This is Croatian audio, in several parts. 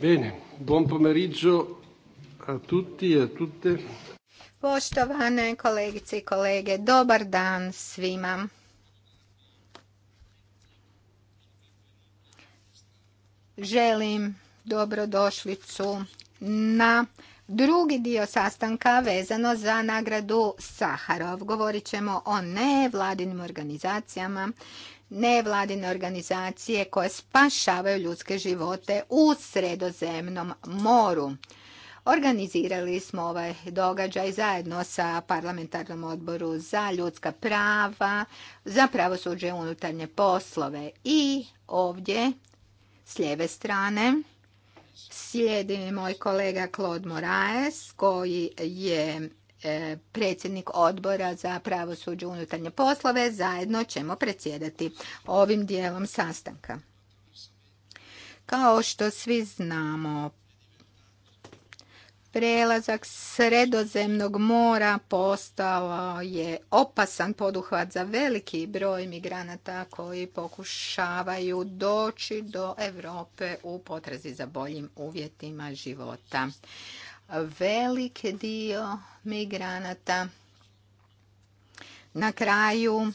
Bene, buon pomeriggio a tutti e a tutte. Poštovane kolegice i kolege, dobar dan svima. Želim dobrodošlicu na drugi dio sastanka vezano za nagradu Saharov. Govorit ćemo o nevladinim organizacijama nevladine organizacije koje spašavaju ljudske živote u sredozemnom moru. Organizirali smo ovaj događaj zajedno sa parlamentarnom odboru za ljudska prava, za pravosuđe unutarnje poslove i ovdje s lijeve strane slijedi moj kolega Claude Moraes koji je E, predsjednik odbora za pravosuđe unutarnje poslove. Zajedno ćemo predsjedati ovim dijelom sastanka. Kao što svi znamo, prelazak Sredozemnog mora postao je opasan poduhvat za veliki broj migranata koji pokušavaju doći do Europe u potrazi za boljim uvjetima života. Veliki dio migranata na kraju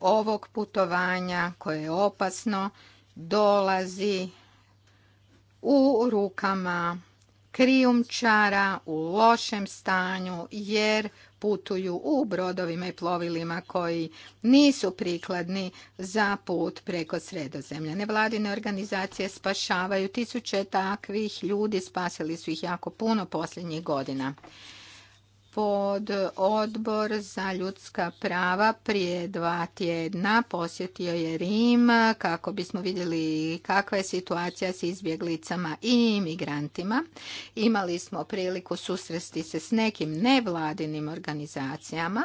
ovog putovanja koje je opasno dolazi u rukama krijumčara u lošem stanju jer putuju u brodovima i plovilima koji nisu prikladni za put preko sredozemlja. Nevladine organizacije spašavaju tisuće takvih ljudi, spasili su ih jako puno posljednjih godina pod odbor za ljudska prava prije dva tjedna posjetio je Rim kako bismo vidjeli kakva je situacija s izbjeglicama i imigrantima. Imali smo priliku susresti se s nekim nevladinim organizacijama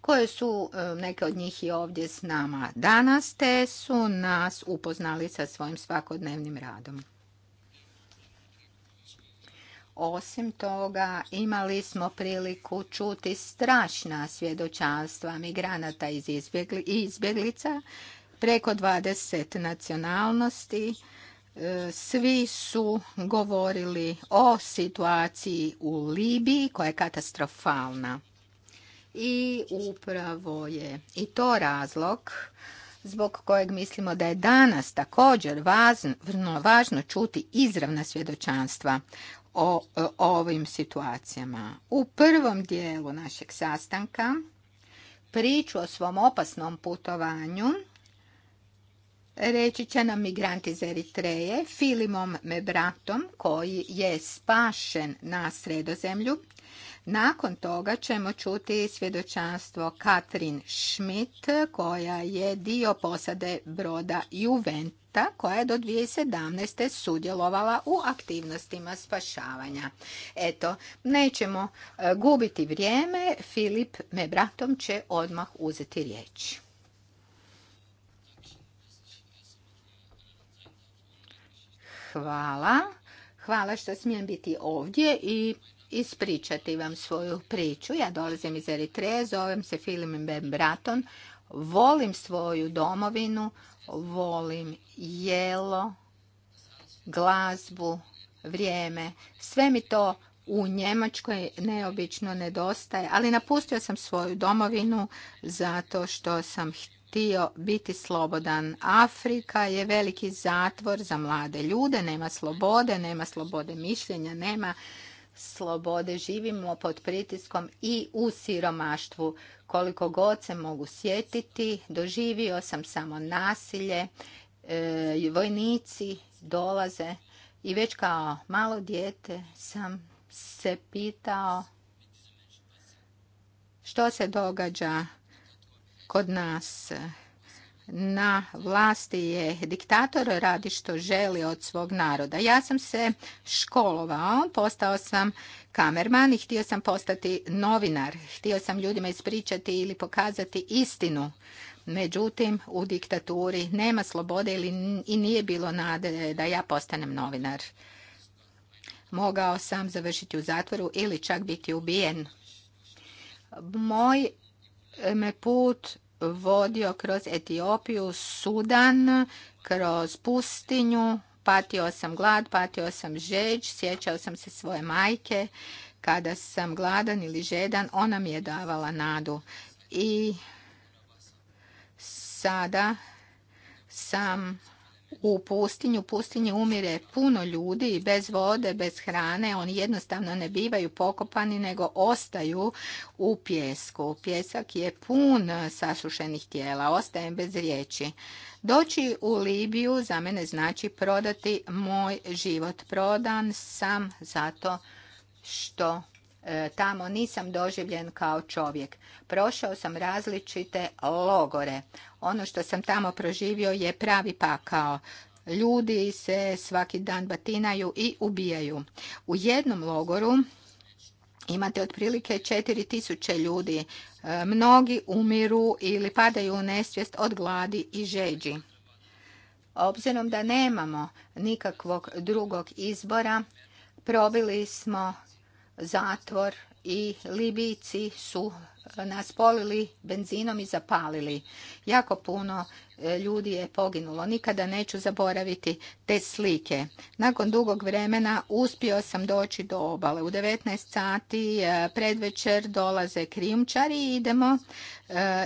koje su e, neke od njih i ovdje s nama danas te su nas upoznali sa svojim svakodnevnim radom. Osim toga, imali smo priliku čuti strašna svjedočanstva migranata iz izbjeglica, preko 20 nacionalnosti. E, svi su govorili o situaciji u Libiji koja je katastrofalna. I upravo je i to razlog zbog kojeg mislimo da je danas također važno, važno čuti izravna svjedočanstva o ovim situacijama. U prvom dijelu našeg sastanka priču o svom opasnom putovanju reći će nam migrant iz Eritreje Filimom Mebratom koji je spašen na sredozemlju nakon toga ćemo čuti svjedočanstvo Katrin Schmidt koja je dio posade broda Juventa koja je do 2017. sudjelovala u aktivnostima spašavanja. Eto, nećemo e, gubiti vrijeme, Filip me bratom će odmah uzeti riječ. Hvala. Hvala što smijem biti ovdje i ispričati vam svoju priču. Ja dolazim iz Eritreje, zovem se Filim Ben Braton, volim svoju domovinu, volim jelo, glazbu, vrijeme. Sve mi to u Njemačkoj neobično nedostaje, ali napustio sam svoju domovinu zato što sam htio biti slobodan. Afrika je veliki zatvor za mlade ljude, nema slobode, nema slobode mišljenja, nema slobode, živimo pod pritiskom i u siromaštvu. Koliko god se mogu sjetiti, doživio sam samo nasilje, e, vojnici dolaze i već kao malo dijete sam se pitao što se događa kod nas na vlasti je diktator, radi što želi od svog naroda. Ja sam se školovao, postao sam kamerman i htio sam postati novinar. Htio sam ljudima ispričati ili pokazati istinu. Međutim, u diktaturi nema slobode ili i nije bilo nade da ja postanem novinar. Mogao sam završiti u zatvoru ili čak biti ubijen. Moj me put vodio kroz Etiopiju, Sudan, kroz pustinju, patio sam glad, patio sam žeđ, sjećao sam se svoje majke. Kada sam gladan ili žedan, ona mi je davala nadu. I sada sam u pustinju. Pustinje umire puno ljudi bez vode, bez hrane. Oni jednostavno ne bivaju pokopani, nego ostaju u pjesku. Pjesak je pun sasušenih tijela. Ostajem bez riječi. Doći u Libiju za mene znači prodati moj život. Prodan sam zato što E, tamo nisam doživljen kao čovjek. Prošao sam različite logore. Ono što sam tamo proživio je pravi pakao. Ljudi se svaki dan batinaju i ubijaju. U jednom logoru imate otprilike 4000 ljudi. E, mnogi umiru ili padaju u nesvijest od gladi i žeđi. Obzirom da nemamo nikakvog drugog izbora, probili smo zatvor i Libijci su eh, nas polili benzinom i zapalili. Jako puno eh, ljudi je poginulo. Nikada neću zaboraviti te slike. Nakon dugog vremena uspio sam doći do obale. U 19 sati eh, predvečer dolaze krijumčari i idemo,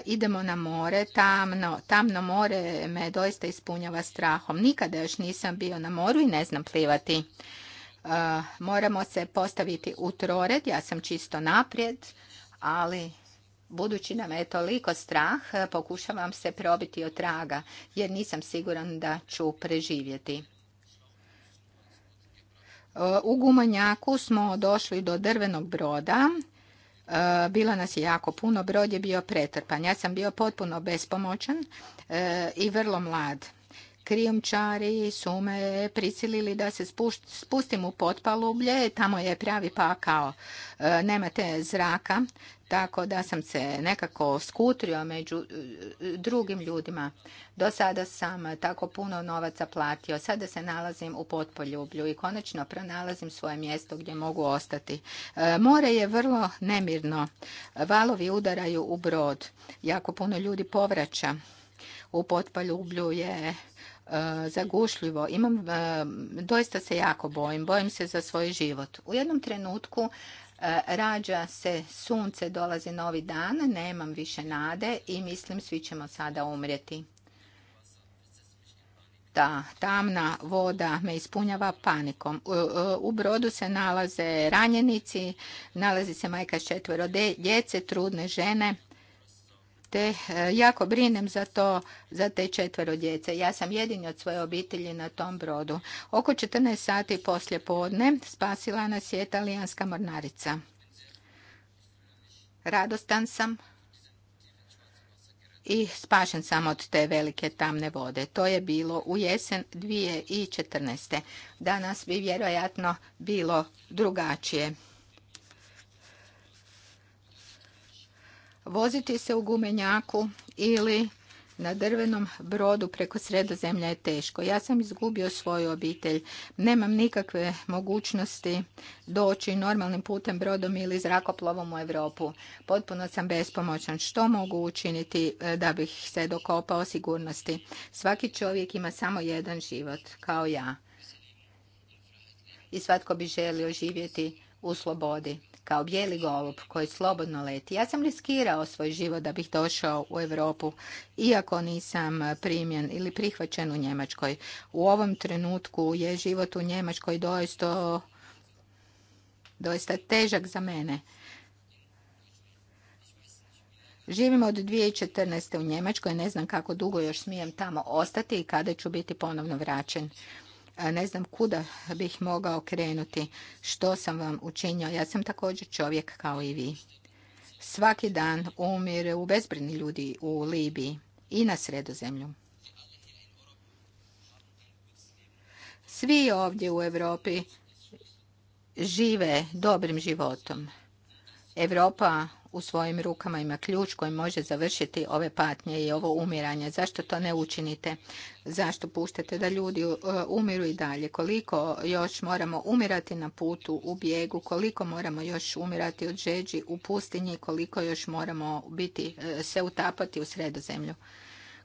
idemo na more. Tamno, tamno more me doista ispunjava strahom. Nikada još nisam bio na moru i ne znam plivati. Eh, moramo se postaviti u trored. Ja sam čisto naprijed, ali budući nam je toliko strah, eh, pokušavam se probiti od traga, jer nisam siguran da ću preživjeti. Eh, u Gumanjaku smo došli do drvenog broda. Bilo nas je jako puno, brod je bio pretrpan. Ja sam bio potpuno bespomoćan i vrlo mlad krijumčari su me prisilili da se spustim u potpalublje, tamo je pravi pakao, e, nemate zraka, tako da sam se nekako skutrio među e, drugim ljudima. Do sada sam tako puno novaca platio, sada se nalazim u potpoljublju i konačno pronalazim svoje mjesto gdje mogu ostati. E, more je vrlo nemirno, valovi udaraju u brod, jako puno ljudi povraća. U potpaljublju je E, zagušljivo. Imam, e, doista se jako bojim, bojim se za svoj život. U jednom trenutku e, rađa se sunce, dolazi novi dan, nemam više nade i mislim svi ćemo sada umrijeti. Ta tamna voda me ispunjava panikom. U brodu se nalaze ranjenici, nalazi se majka s četvero djece, trudne žene te e, jako brinem za to, za te četvero djece. Ja sam jedini od svoje obitelji na tom brodu. Oko 14 sati poslje podne spasila nas je italijanska mornarica. Radostan sam i spašen sam od te velike tamne vode. To je bilo u jesen 2014. Danas bi vjerojatno bilo drugačije. Voziti se u gumenjaku ili na drvenom brodu preko sredozemlja je teško. Ja sam izgubio svoju obitelj. Nemam nikakve mogućnosti doći normalnim putem brodom ili zrakoplovom u Europu. Potpuno sam bespomoćan. Što mogu učiniti e, da bih se dokopao sigurnosti? Svaki čovjek ima samo jedan život, kao ja. I svatko bi želio živjeti u slobodi kao bijeli golub koji slobodno leti. Ja sam riskirao svoj život da bih došao u Europu, iako nisam primjen ili prihvaćen u Njemačkoj. U ovom trenutku je život u Njemačkoj doista, doista težak za mene. Živim od 2014. u Njemačkoj, ne znam kako dugo još smijem tamo ostati i kada ću biti ponovno vraćen ne znam kuda bih mogao krenuti, što sam vam učinio. Ja sam također čovjek kao i vi. Svaki dan umire u bezbrini ljudi u Libiji i na sredozemlju. Svi ovdje u Europi žive dobrim životom. Europa u svojim rukama ima ključ koji može završiti ove patnje i ovo umiranje. Zašto to ne učinite? Zašto puštate da ljudi uh, umiru i dalje? Koliko još moramo umirati na putu u bijegu? Koliko moramo još umirati od žeđi u pustinji? Koliko još moramo biti, uh, se utapati u sredozemlju?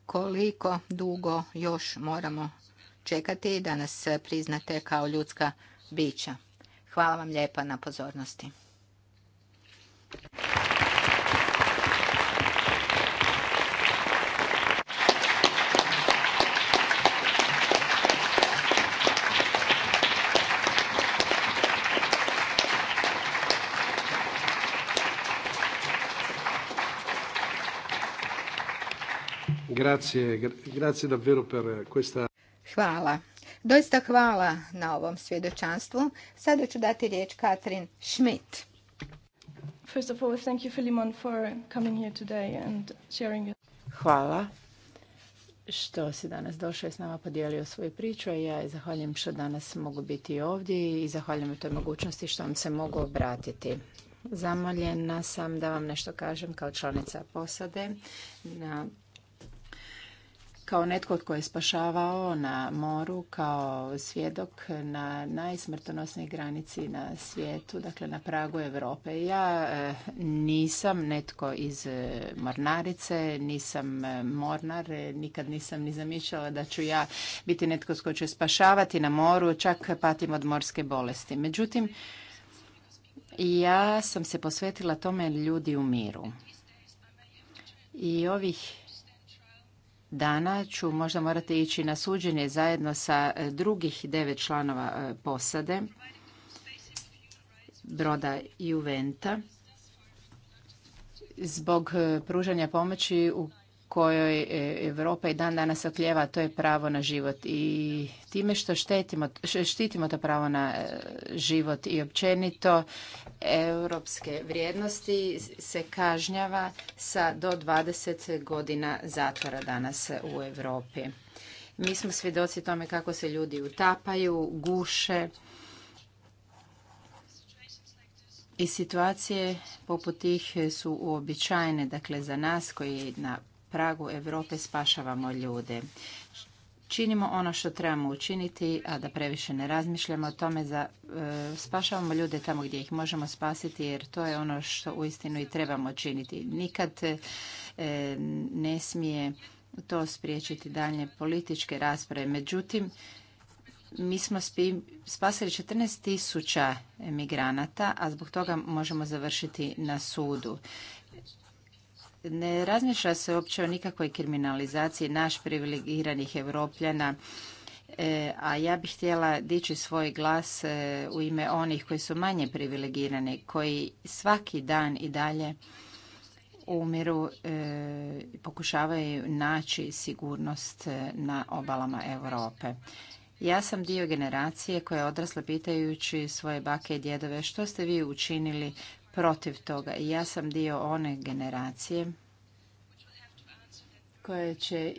Koliko dugo još moramo čekati da nas priznate kao ljudska bića? Hvala vam lijepa na pozornosti. Grazie, grazie davvero per questa... Hvala. Doista hvala na ovom svjedočanstvu. Sada ću dati riječ Katrin Schmidt. First of all, thank you, for coming here today Hvala što si danas došao i s nama podijelio svoju priču, Ja ja zahvaljujem što danas mogu biti ovdje i zahvaljujem toj mogućnosti što vam se mogu obratiti. Zamoljena sam da vam nešto kažem kao članica posade na kao netko tko je spašavao na moru, kao svjedok na najsmrtonosnoj granici na svijetu, dakle na pragu Europe. Ja e, nisam netko iz e, mornarice, nisam e, mornar, nikad nisam ni zamišljala da ću ja biti netko tko će spašavati na moru, čak patim od morske bolesti. Međutim, ja sam se posvetila tome ljudi u miru. I ovih dana ću možda morati ići na suđenje zajedno sa e, drugih devet članova e, posade broda Juventa zbog e, pružanja pomoći u kojoj Europa i dan danas okljeva, to je pravo na život. I time što štetimo, štitimo to pravo na e, život i općenito europske vrijednosti se kažnjava sa do 20 godina zatvora danas u Europi. Mi smo svjedoci tome kako se ljudi utapaju, guše, i situacije poput tih su uobičajene, dakle za nas koji na pragu Europe spašavamo ljude. Činimo ono što trebamo učiniti, a da previše ne razmišljamo o tome da e, spašavamo ljude tamo gdje ih možemo spasiti jer to je ono što uistinu i trebamo činiti. Nikad e, ne smije to spriječiti dalje političke rasprave. Međutim, mi smo spasili 14.000 emigranata, a zbog toga možemo završiti na sudu. Ne razmišlja se uopće o nikakvoj kriminalizaciji naš privilegiranih evropljana, e, a ja bih htjela dići svoj glas e, u ime onih koji su manje privilegirani, koji svaki dan i dalje umiru e, pokušavaju naći sigurnost na obalama Europe. Ja sam dio generacije koja je odrasla pitajući svoje bake i djedove što ste vi učinili protiv toga. I ja sam dio one generacije koja će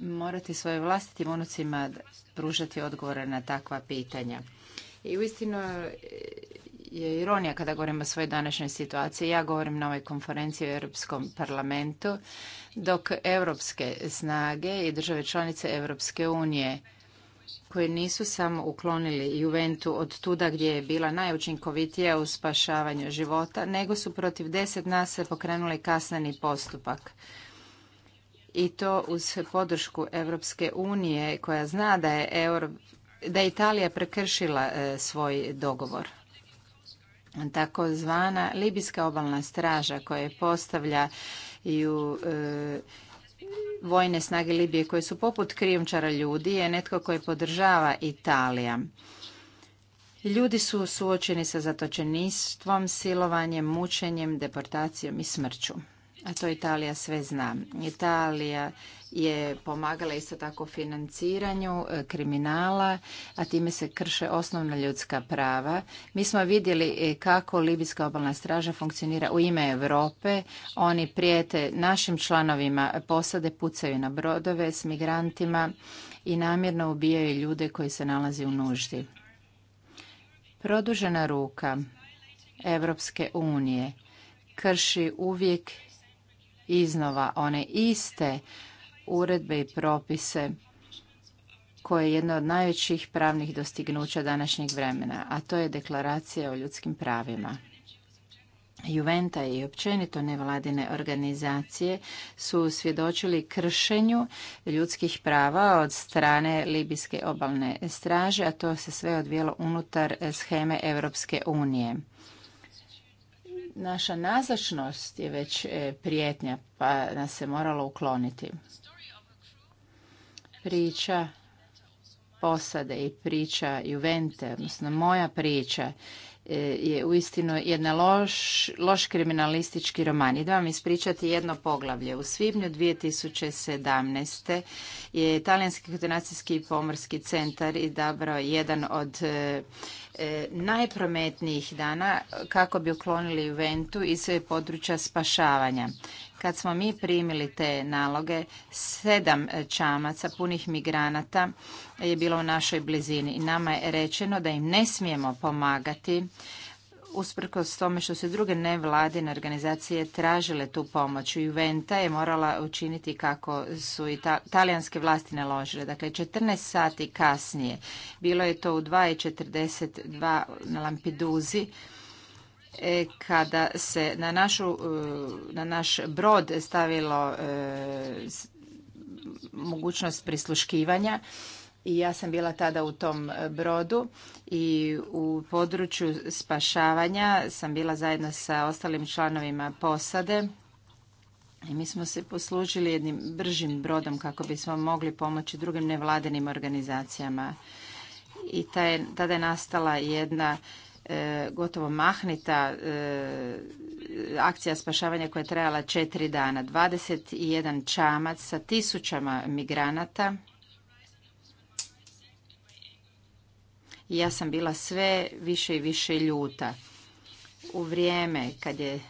morati svoje vlastitim unucima pružati odgovore na takva pitanja. I uistinu e, je ironija kada govorim o svojoj današnjoj situaciji. Ja govorim na ovoj konferenciji u Europskom parlamentu, dok europske snage i države članice Europske unije koji nisu samo uklonili Juventu od tuda gdje je bila najučinkovitija u spašavanju života, nego su protiv deset nas se pokrenuli kasneni postupak. I to uz podršku Europske unije koja zna da je, Euro, da je Italija prekršila e, svoj dogovor. Takozvana Libijska obalna straža koja postavlja u e, vojne snage Libije koje su poput krijumčara ljudi je netko koji podržava Italija. Ljudi su suočeni sa zatočeništvom silovanjem, mučenjem, deportacijom i smrću. A to Italija sve zna. Italija je pomagala isto tako financiranju e, kriminala, a time se krše osnovna ljudska prava. Mi smo vidjeli e, kako Libijska obalna straža funkcionira u ime Europe. Oni prijete našim članovima posade, pucaju na brodove s migrantima i namjerno ubijaju ljude koji se nalazi u nuždi. Produžena ruka Evropske unije krši uvijek iznova one iste uredbe i propise koje je jedno od najvećih pravnih dostignuća današnjeg vremena, a to je deklaracija o ljudskim pravima. Juventa i općenito nevladine organizacije su svjedočili kršenju ljudskih prava od strane Libijske obalne straže, a to se sve odvijelo unutar scheme Europske unije. Naša nazačnost je već e, prijetnja, pa nas se moralo ukloniti priča posade i priča Juvente, odnosno moja priča e, je uistinu jedna loš, kriminalistički roman. I da vam ispričati jedno poglavlje. U svibnju 2017. je Italijanski koordinacijski pomorski centar izabrao jedan od e, E, najprometnijih dana kako bi uklonili Ventu iz područja spašavanja. Kad smo mi primili te naloge, sedam čamaca punih migranata je bilo u našoj blizini i nama je rečeno da im ne smijemo pomagati usprkos tome što su druge nevladine organizacije tražile tu pomoć. Juventa je morala učiniti kako su i talijanske vlasti naložile. Dakle, 14 sati kasnije, bilo je to u 2.42 na Lampiduzi, e, kada se na, našu, e, na naš brod stavilo e, mogućnost prisluškivanja i ja sam bila tada u tom e, brodu i u području spašavanja sam bila zajedno sa ostalim članovima posade i mi smo se poslužili jednim bržim brodom kako bismo mogli pomoći drugim nevladinim organizacijama. I taj, tada je nastala jedna e, gotovo mahnita e, akcija spašavanja koja je trajala četiri dana. 21 čamac sa tisućama migranata ja sam bila sve više i više ljuta. U vrijeme kad je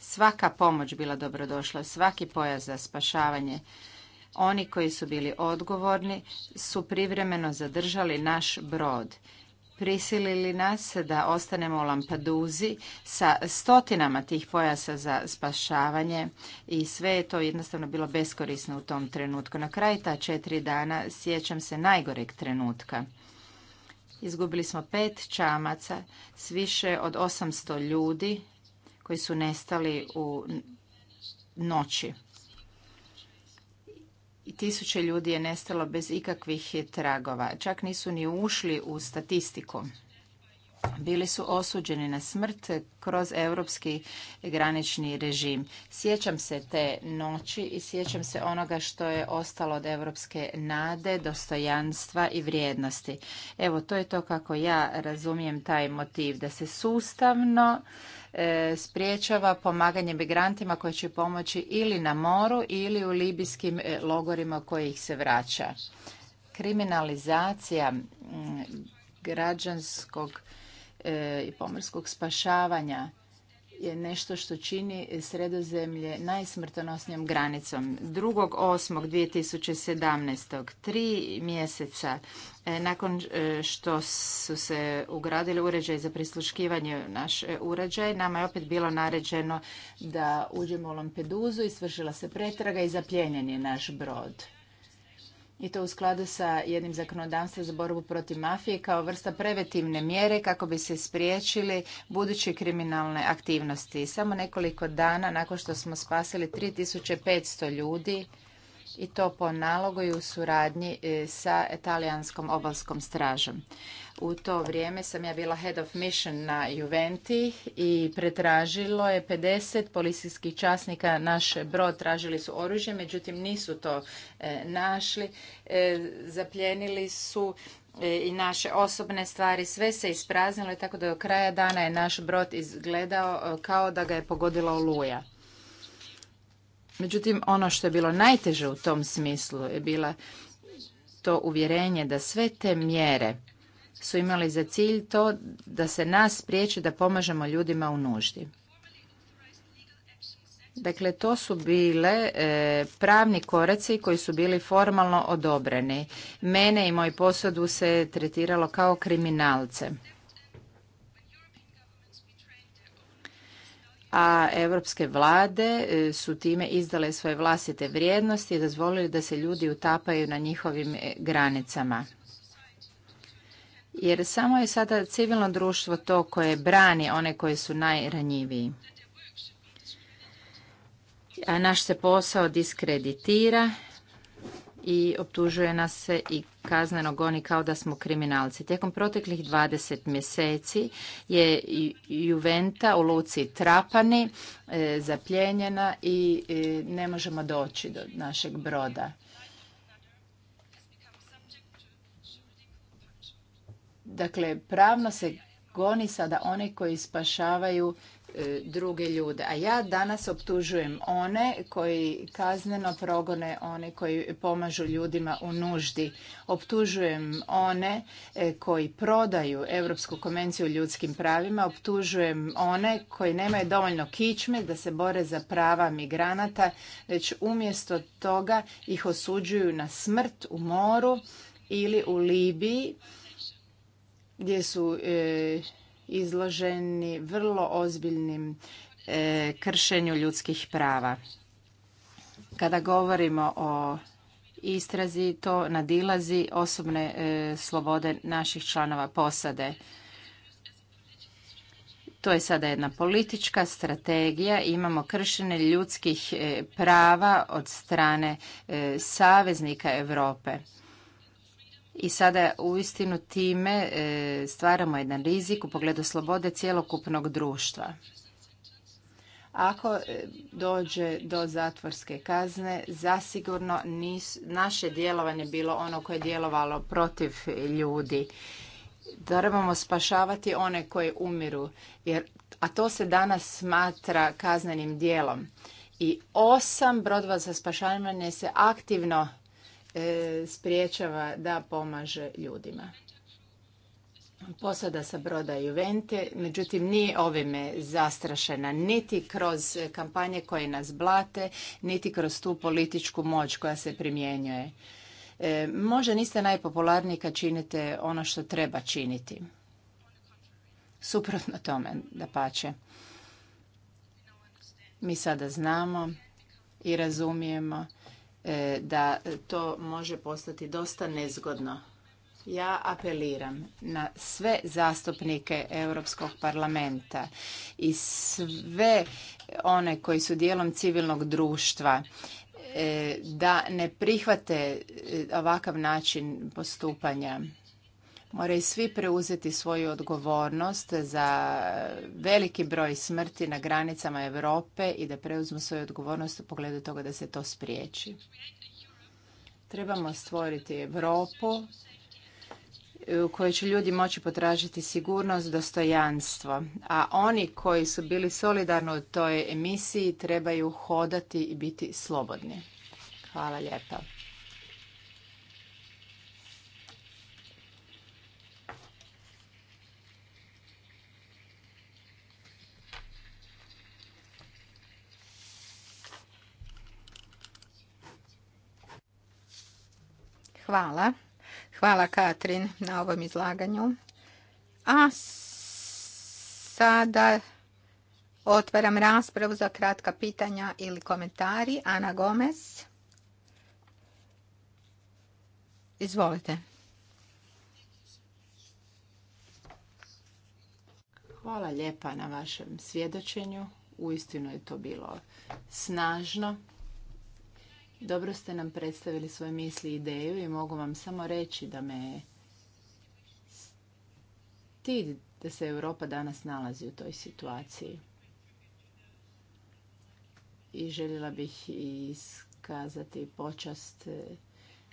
svaka pomoć bila dobrodošla, svaki pojas za spašavanje, oni koji su bili odgovorni su privremeno zadržali naš brod prisilili nas da ostanemo u Lampaduzi sa stotinama tih pojasa za spašavanje i sve je to jednostavno bilo beskorisno u tom trenutku. Na kraju ta četiri dana sjećam se najgoreg trenutka. Izgubili smo pet čamaca s više od 800 ljudi koji su nestali u noći. I tisuće ljudi je nestalo bez ikakvih tragova. Čak nisu ni ušli u statistiku bili su osuđeni na smrt kroz europski granični režim. Sjećam se te noći i sjećam se onoga što je ostalo od europske nade, dostojanstva i vrijednosti. Evo, to je to kako ja razumijem taj motiv, da se sustavno sprječava spriječava pomaganje migrantima koji će pomoći ili na moru ili u libijskim e, logorima koji ih se vraća. Kriminalizacija građanskog E, i pomorskog spašavanja je nešto što čini sredozemlje najsmrtonosnijom granicom. 2.8.2017. tri mjeseca e, nakon e, što su se ugradili uređaj za prisluškivanje naš uređaj, nama je opet bilo naređeno da uđemo u Lampeduzu i svršila se pretraga i zapljenjen je naš brod i to u skladu sa jednim zakonodavstvom za borbu protiv mafije kao vrsta preventivne mjere kako bi se spriječili buduće kriminalne aktivnosti. Samo nekoliko dana nakon što smo spasili 3500 ljudi i to po nalogu i u suradnji e, sa talijanskom obalskom stražom. U to vrijeme sam ja bila head of mission na Juventi i pretražilo je 50 policijskih časnika naš brod, tražili su oružje, međutim nisu to e, našli, e, zapljenili su i naše osobne stvari, sve se ispraznilo i tako da do kraja dana je naš brod izgledao kao da ga je pogodila oluja. Međutim, ono što je bilo najteže u tom smislu je bila to uvjerenje da sve te mjere su imali za cilj to da se nas spriječi da pomažemo ljudima u nuždi. Dakle, to su bile e, pravni koraci koji su bili formalno odobreni. Mene i moj posadu se tretiralo kao kriminalce. a europske vlade e, su time izdale svoje vlastite vrijednosti i dozvolili da se ljudi utapaju na njihovim e, granicama. Jer samo je sada civilno društvo to koje brani one koji su najranjiviji. A naš se posao diskreditira i optužuje nas se i kazneno goni kao da smo kriminalci. Tijekom proteklih 20 mjeseci je Juventa u Luci Trapani e, zapljenjena i e, ne možemo doći do našeg broda. Dakle, pravno se goni sada oni koji spašavaju E, druge ljude. A ja danas optužujem one koji kazneno progone, one koji pomažu ljudima u nuždi. Optužujem one e, koji prodaju Europsku konvenciju o ljudskim pravima. Optužujem one koji nemaju dovoljno kičme da se bore za prava migranata, već umjesto toga ih osuđuju na smrt u moru ili u Libiji gdje su e, izloženi vrlo ozbiljnim e, kršenju ljudskih prava. Kada govorimo o istrazi, to nadilazi osobne e, slobode naših članova posade. To je sada jedna politička strategija. Imamo kršenje ljudskih e, prava od strane saveznika Europe i sada uistinu time e, stvaramo jedan rizik u pogledu slobode cjelokupnog društva. Ako e, dođe do zatvorske kazne, zasigurno naše djelovanje bilo ono koje je djelovalo protiv ljudi. Trebamo spašavati one koji umiru, jer, a to se danas smatra kaznenim djelom. I osam brodova za spašavanje se aktivno E, spriječava da pomaže ljudima. Posada sa broda Juvente, međutim, nije ovime zastrašena, niti kroz kampanje koje nas blate, niti kroz tu političku moć koja se primjenjuje. E, možda niste najpopularniji kad činite ono što treba činiti. Suprotno tome, da pače. Mi sada znamo i razumijemo E, da to može postati dosta nezgodno. Ja apeliram na sve zastupnike Europskog parlamenta i sve one koji su dijelom civilnog društva e, da ne prihvate e, ovakav način postupanja moraju svi preuzeti svoju odgovornost za veliki broj smrti na granicama Europe i da preuzmu svoju odgovornost u pogledu toga da se to spriječi. Trebamo stvoriti Europu u kojoj će ljudi moći potražiti sigurnost, dostojanstvo. A oni koji su bili solidarni u toj emisiji trebaju hodati i biti slobodni. Hvala lijepa. Hvala. Hvala Katrin na ovom izlaganju. A sada otvaram raspravu za kratka pitanja ili komentari. Ana Gomez. Izvolite. Hvala lijepa na vašem svjedočenju. Uistinu je to bilo snažno. Dobro ste nam predstavili svoje misli i ideju i mogu vam samo reći da me ti da se Europa danas nalazi u toj situaciji. I željela bih iskazati počast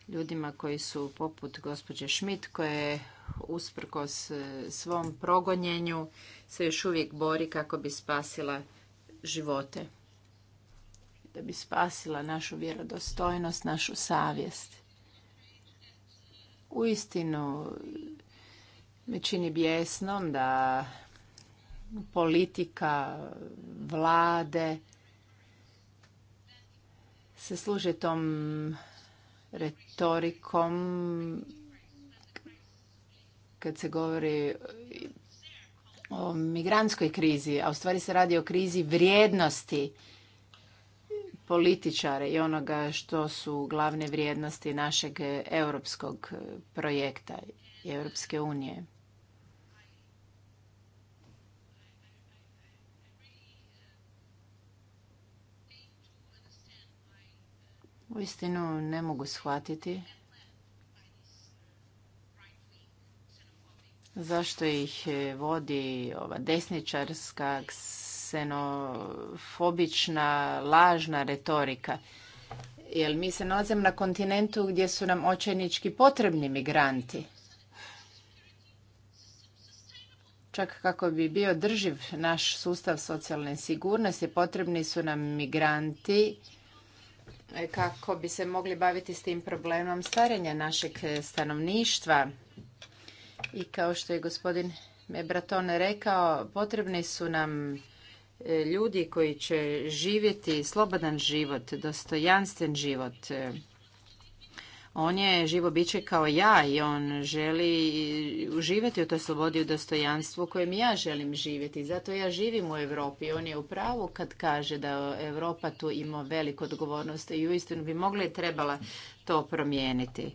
ljudima koji su poput gospođe Schmidt koja je usprkos e, svom progonjenju se još uvijek bori kako bi spasila živote da bi spasila našu vjerodostojnost, našu savjest. Uistinu me čini bijesnom da politika, vlade se služe tom retorikom kad se govori o migrantskoj krizi, a u stvari se radi o krizi vrijednosti političare i onoga što su glavne vrijednosti našeg europskog projekta i Europske unije. Uistinu ne mogu shvatiti zašto ih vodi ova desničarska ksenofobična, lažna retorika. Jer mi se nalazimo na kontinentu gdje su nam očajnički potrebni migranti. Čak kako bi bio drživ naš sustav socijalne sigurnosti, potrebni su nam migranti e, kako bi se mogli baviti s tim problemom starenja našeg stanovništva. I kao što je gospodin Mebraton rekao, potrebni su nam E, ljudi koji će živjeti slobodan život, dostojanstven život. E, on je živo biće kao ja i on želi uživati u toj slobodi i dostojanstvu u kojem ja želim živjeti. Zato ja živim u Europi. On je u pravu kad kaže da Europa tu ima veliku odgovornost i uistinu bi mogla i trebala to promijeniti.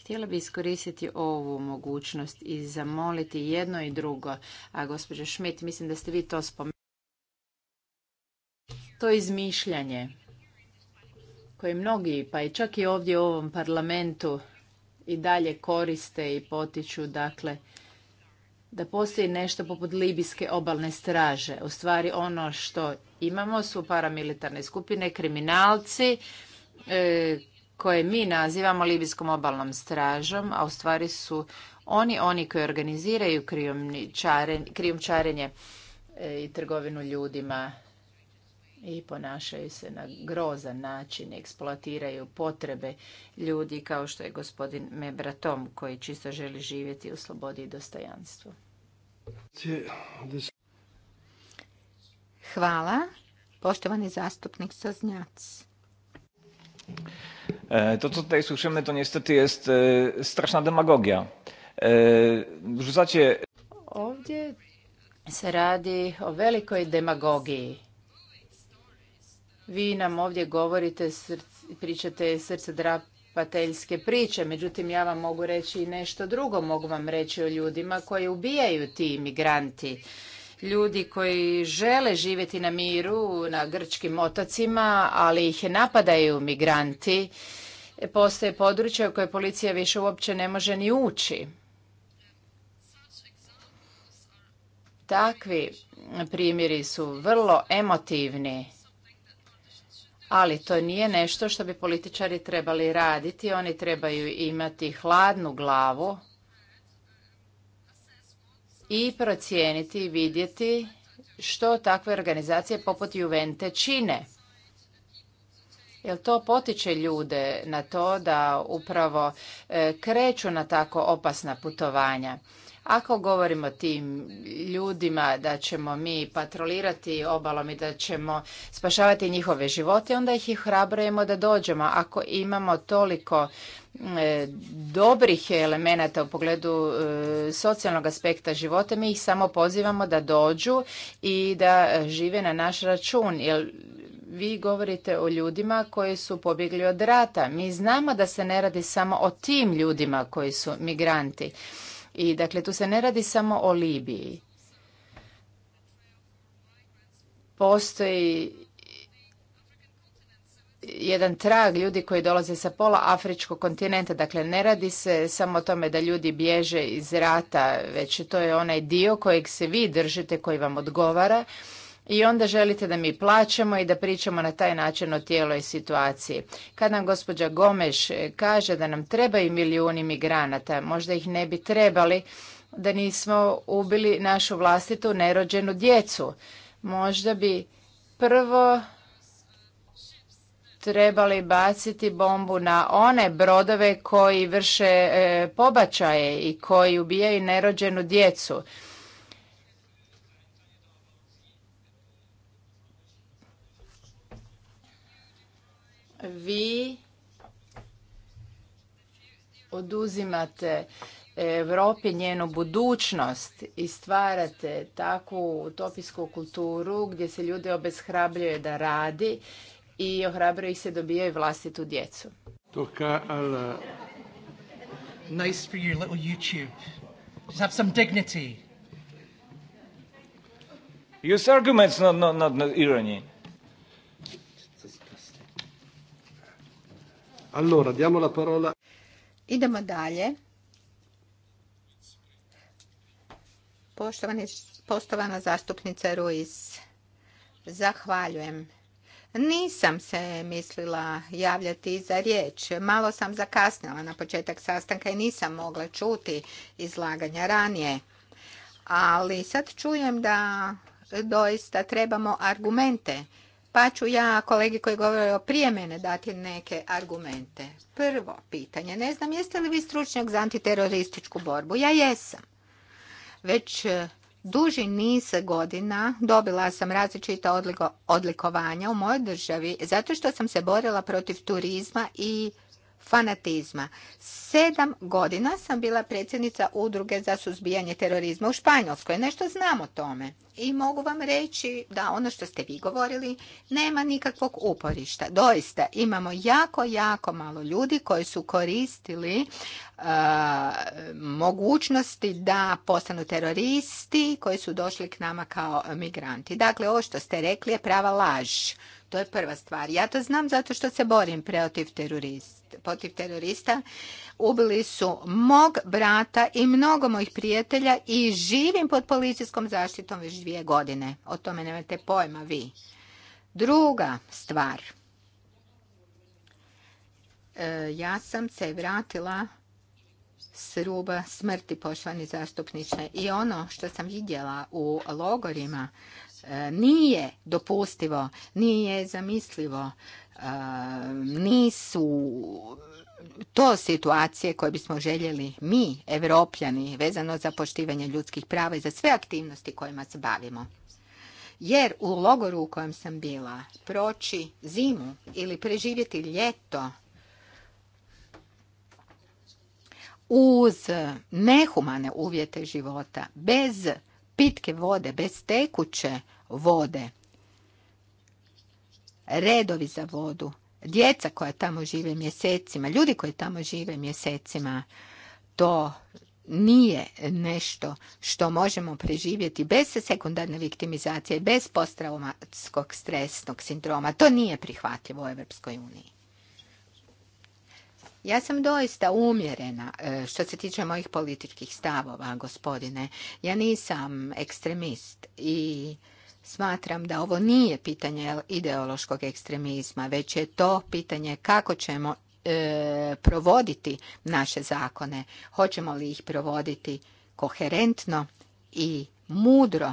Htjela bi iskoristiti ovu mogućnost i zamoliti jedno i drugo. A gospođo Schmidt, mislim da ste vi to spomenuli to izmišljanje koje mnogi, pa i čak i ovdje u ovom parlamentu, i dalje koriste i potiču, dakle, da postoji nešto poput libijske obalne straže. U stvari ono što imamo su paramilitarne skupine, kriminalci, e, koje mi nazivamo libijskom obalnom stražom, a u stvari su oni oni koji organiziraju krijumčarenje e, i trgovinu ljudima i ponašaju se na grozan način, eksploatiraju potrebe ljudi kao što je gospodin Mebratom koji čisto želi živjeti u slobodi i dostojanstvu. Hvala. Poštovani zastupnik saznjac e, To, co tutaj słyszymy, to niestety jest e, straszna demagogia. E, wrzucacie... Ovdje se radi o velikoj demagogiji vi nam ovdje govorite, pričate srce drapateljske priče, međutim ja vam mogu reći i nešto drugo. Mogu vam reći o ljudima koji ubijaju ti imigranti. Ljudi koji žele živjeti na miru na grčkim otocima, ali ih napadaju migranti. Postoje područja u koje policija više uopće ne može ni ući. Takvi primjeri su vrlo emotivni ali to nije nešto što bi političari trebali raditi. Oni trebaju imati hladnu glavu i procijeniti i vidjeti što takve organizacije poput Juvente čine. Jer to potiče ljude na to da upravo e, kreću na tako opasna putovanja. Ako govorimo tim ljudima da ćemo mi patrolirati obalom i da ćemo spašavati njihove živote, onda ih i hrabrujemo da dođemo. Ako imamo toliko e, dobrih elemenata u pogledu e, socijalnog aspekta života, mi ih samo pozivamo da dođu i da žive na naš račun. Jer vi govorite o ljudima koji su pobjegli od rata. Mi znamo da se ne radi samo o tim ljudima koji su migranti. I dakle, tu se ne radi samo o Libiji. Postoji jedan trag ljudi koji dolaze sa pola afričkog kontinenta. Dakle, ne radi se samo o tome da ljudi bježe iz rata, već to je onaj dio kojeg se vi držite, koji vam odgovara i onda želite da mi plaćamo i da pričamo na taj način o tijeloj situaciji. Kad nam gospođa Gomeš e, kaže da nam trebaju milijuni migranata, možda ih ne bi trebali da nismo ubili našu vlastitu nerođenu djecu. Možda bi prvo trebali baciti bombu na one brodove koji vrše e, pobačaje i koji ubijaju nerođenu djecu. vi oduzimate Europi njenu budućnost i stvarate takvu utopijsku kulturu gdje se ljude obeshrabljuje da radi i ohrabruje ih se dobijaju vlastitu djecu. Toka ala. Nice Allora, diamo la parola. Idemo dalje. Poštovani, poštovana zastupnica Ruiz, zahvaljujem. Nisam se mislila javljati za riječ. Malo sam zakasnila na početak sastanka i nisam mogla čuti izlaganja ranije. Ali sad čujem da doista trebamo argumente pa ću ja kolegi koji govore prije mene dati neke argumente. Prvo pitanje, ne znam jeste li vi stručnjak za antiterorističku borbu? Ja jesam. Već e, duži niz godina dobila sam različita odlikovanja u mojoj državi zato što sam se borila protiv turizma i fanatizma. Sedam godina sam bila predsjednica udruge za suzbijanje terorizma u Španjolskoj. Nešto znam o tome. I mogu vam reći da ono što ste vi govorili nema nikakvog uporišta. Doista, imamo jako, jako malo ljudi koji su koristili e, mogućnosti da postanu teroristi koji su došli k nama kao migranti. Dakle, ovo što ste rekli je prava laž. To je prva stvar. Ja to znam zato što se borim protiv terorista. Protiv terorista ubili su mog brata i mnogo mojih prijatelja i živim pod policijskom zaštitom već dvije godine. O tome nemate pojma vi. Druga stvar. E, ja sam se vratila s ruba smrti, poštovani zastupniče. I ono što sam vidjela u logorima, nije dopustivo, nije zamislivo, nisu to situacije koje bismo željeli mi, evropljani, vezano za poštivanje ljudskih prava i za sve aktivnosti kojima se bavimo. Jer u logoru u kojem sam bila, proći zimu ili preživjeti ljeto uz nehumane uvjete života, bez pitke vode, bez tekuće vode. Redovi za vodu. Djeca koja tamo žive mjesecima, ljudi koji tamo žive mjesecima, to nije nešto što možemo preživjeti bez sekundarne viktimizacije, bez posttraumatskog stresnog sindroma. To nije prihvatljivo u Europskoj uniji. Ja sam doista umjerena e, što se tiče mojih političkih stavova, gospodine. Ja nisam ekstremist i Smatram da ovo nije pitanje ideološkog ekstremizma, već je to pitanje kako ćemo e, provoditi naše zakone. Hoćemo li ih provoditi koherentno i mudro,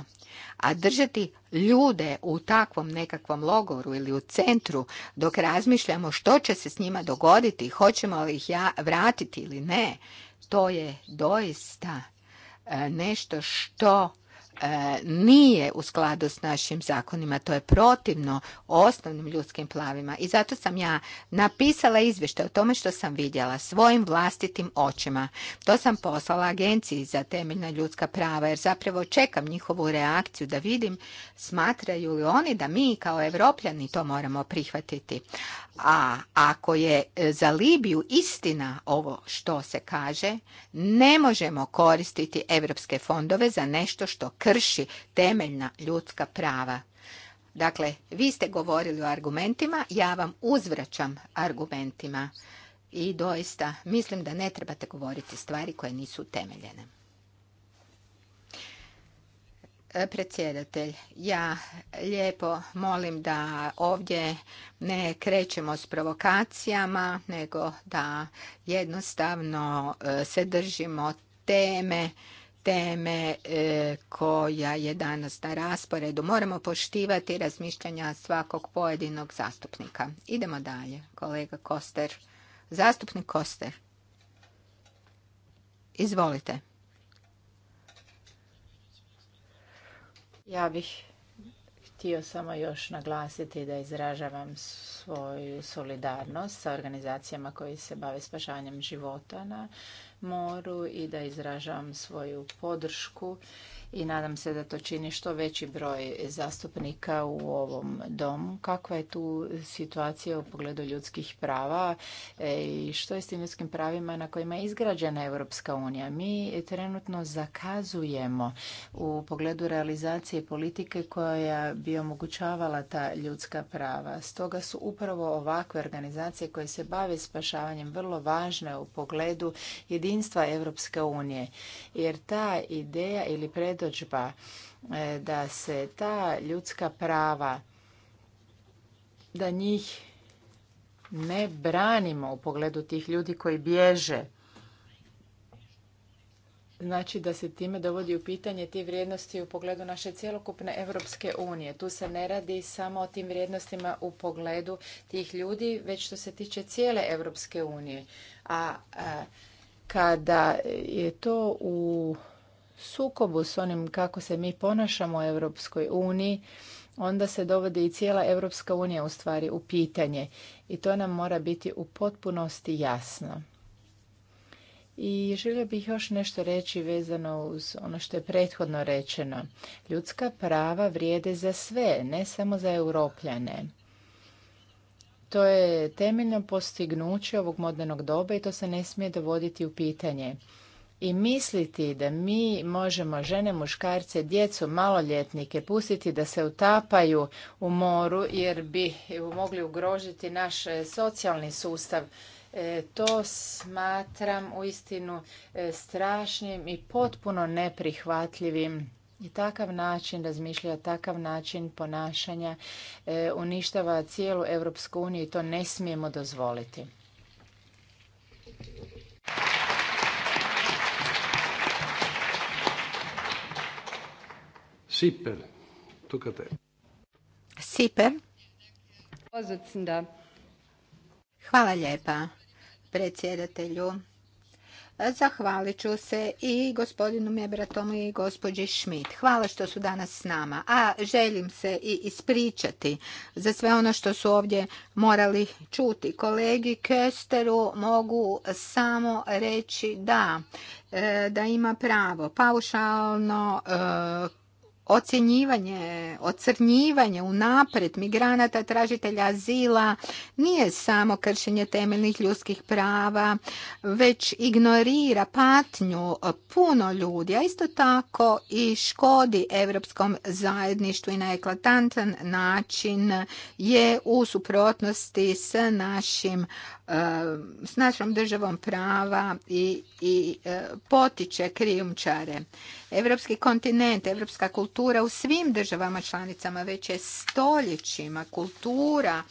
a držati ljude u takvom nekakvom logoru ili u centru dok razmišljamo što će se s njima dogoditi, hoćemo li ih ja vratiti ili ne, to je doista e, nešto što E, nije u skladu s našim zakonima. To je protivno osnovnim ljudskim plavima. I zato sam ja napisala izvještaj o tome što sam vidjela svojim vlastitim očima. To sam poslala Agenciji za temeljna ljudska prava jer zapravo čekam njihovu reakciju da vidim smatraju li oni da mi kao evropljani to moramo prihvatiti. A ako je e, za Libiju istina ovo što se kaže, ne možemo koristiti evropske fondove za nešto što krši temeljna ljudska prava. Dakle, vi ste govorili o argumentima, ja vam uzvraćam argumentima i doista mislim da ne trebate govoriti stvari koje nisu temeljene. E, predsjedatelj, ja lijepo molim da ovdje ne krećemo s provokacijama, nego da jednostavno e, se držimo teme teme e, koja je danas na rasporedu. Moramo poštivati razmišljanja svakog pojedinog zastupnika. Idemo dalje, kolega Koster. Zastupnik Koster. Izvolite. Ja bih Htio samo još naglasiti da izražavam svoju solidarnost sa organizacijama koji se bave spašavanjem života na moru i da izražavam svoju podršku i nadam se da to čini što veći broj zastupnika u ovom domu. Kakva je tu situacija u pogledu ljudskih prava e, i što je s tim ljudskim pravima na kojima je izgrađena Europska unija? Mi trenutno zakazujemo u pogledu realizacije politike koja bi omogućavala ta ljudska prava. Stoga su upravo ovakve organizacije koje se bave spašavanjem vrlo važne u pogledu jedinstva Europske unije. Jer ta ideja ili predođba e, da se ta ljudska prava da njih ne branimo u pogledu tih ljudi koji bježe znači da se time dovodi u pitanje ti vrijednosti u pogledu naše cjelokupne Europske unije. Tu se ne radi samo o tim vrijednostima u pogledu tih ljudi, već što se tiče cijele Europske unije. A, a kada je to u sukobu s onim kako se mi ponašamo u Europskoj uniji, onda se dovodi i cijela Europska unija u stvari u pitanje i to nam mora biti u potpunosti jasno. I želio bih još nešto reći vezano uz ono što je prethodno rečeno. Ljudska prava vrijede za sve, ne samo za europljane. To je temeljno postignuće ovog modernog doba i to se ne smije dovoditi u pitanje. I misliti da mi možemo žene, muškarce, djecu, maloljetnike pustiti da se utapaju u moru jer bi mogli ugrožiti naš socijalni sustav E, to smatram u istinu e, strašnim i potpuno neprihvatljivim. I takav način razmišlja, takav način ponašanja e, uništava cijelu Europsku uniju i to ne smijemo dozvoliti. Siper, Siper. Hvala lijepa predsjedatelju. Zahvalit ću se i gospodinu Mjebratomu i gospođi Šmit. Hvala što su danas s nama. A želim se i ispričati za sve ono što su ovdje morali čuti. Kolegi Kesteru mogu samo reći da e, da ima pravo paušalno e, ocjenjivanje, ocrnjivanje napred migranata, tražitelja azila nije samo kršenje temeljnih ljudskih prava, već ignorira patnju puno ljudi, a isto tako i škodi europskom zajedništvu i na eklatantan način je u suprotnosti s našim eh, s našom državom prava i, i eh, potiče krijumčare. Europski kontinent, evropska kultura kultura u svim državama članicama, već je stoljećima kultura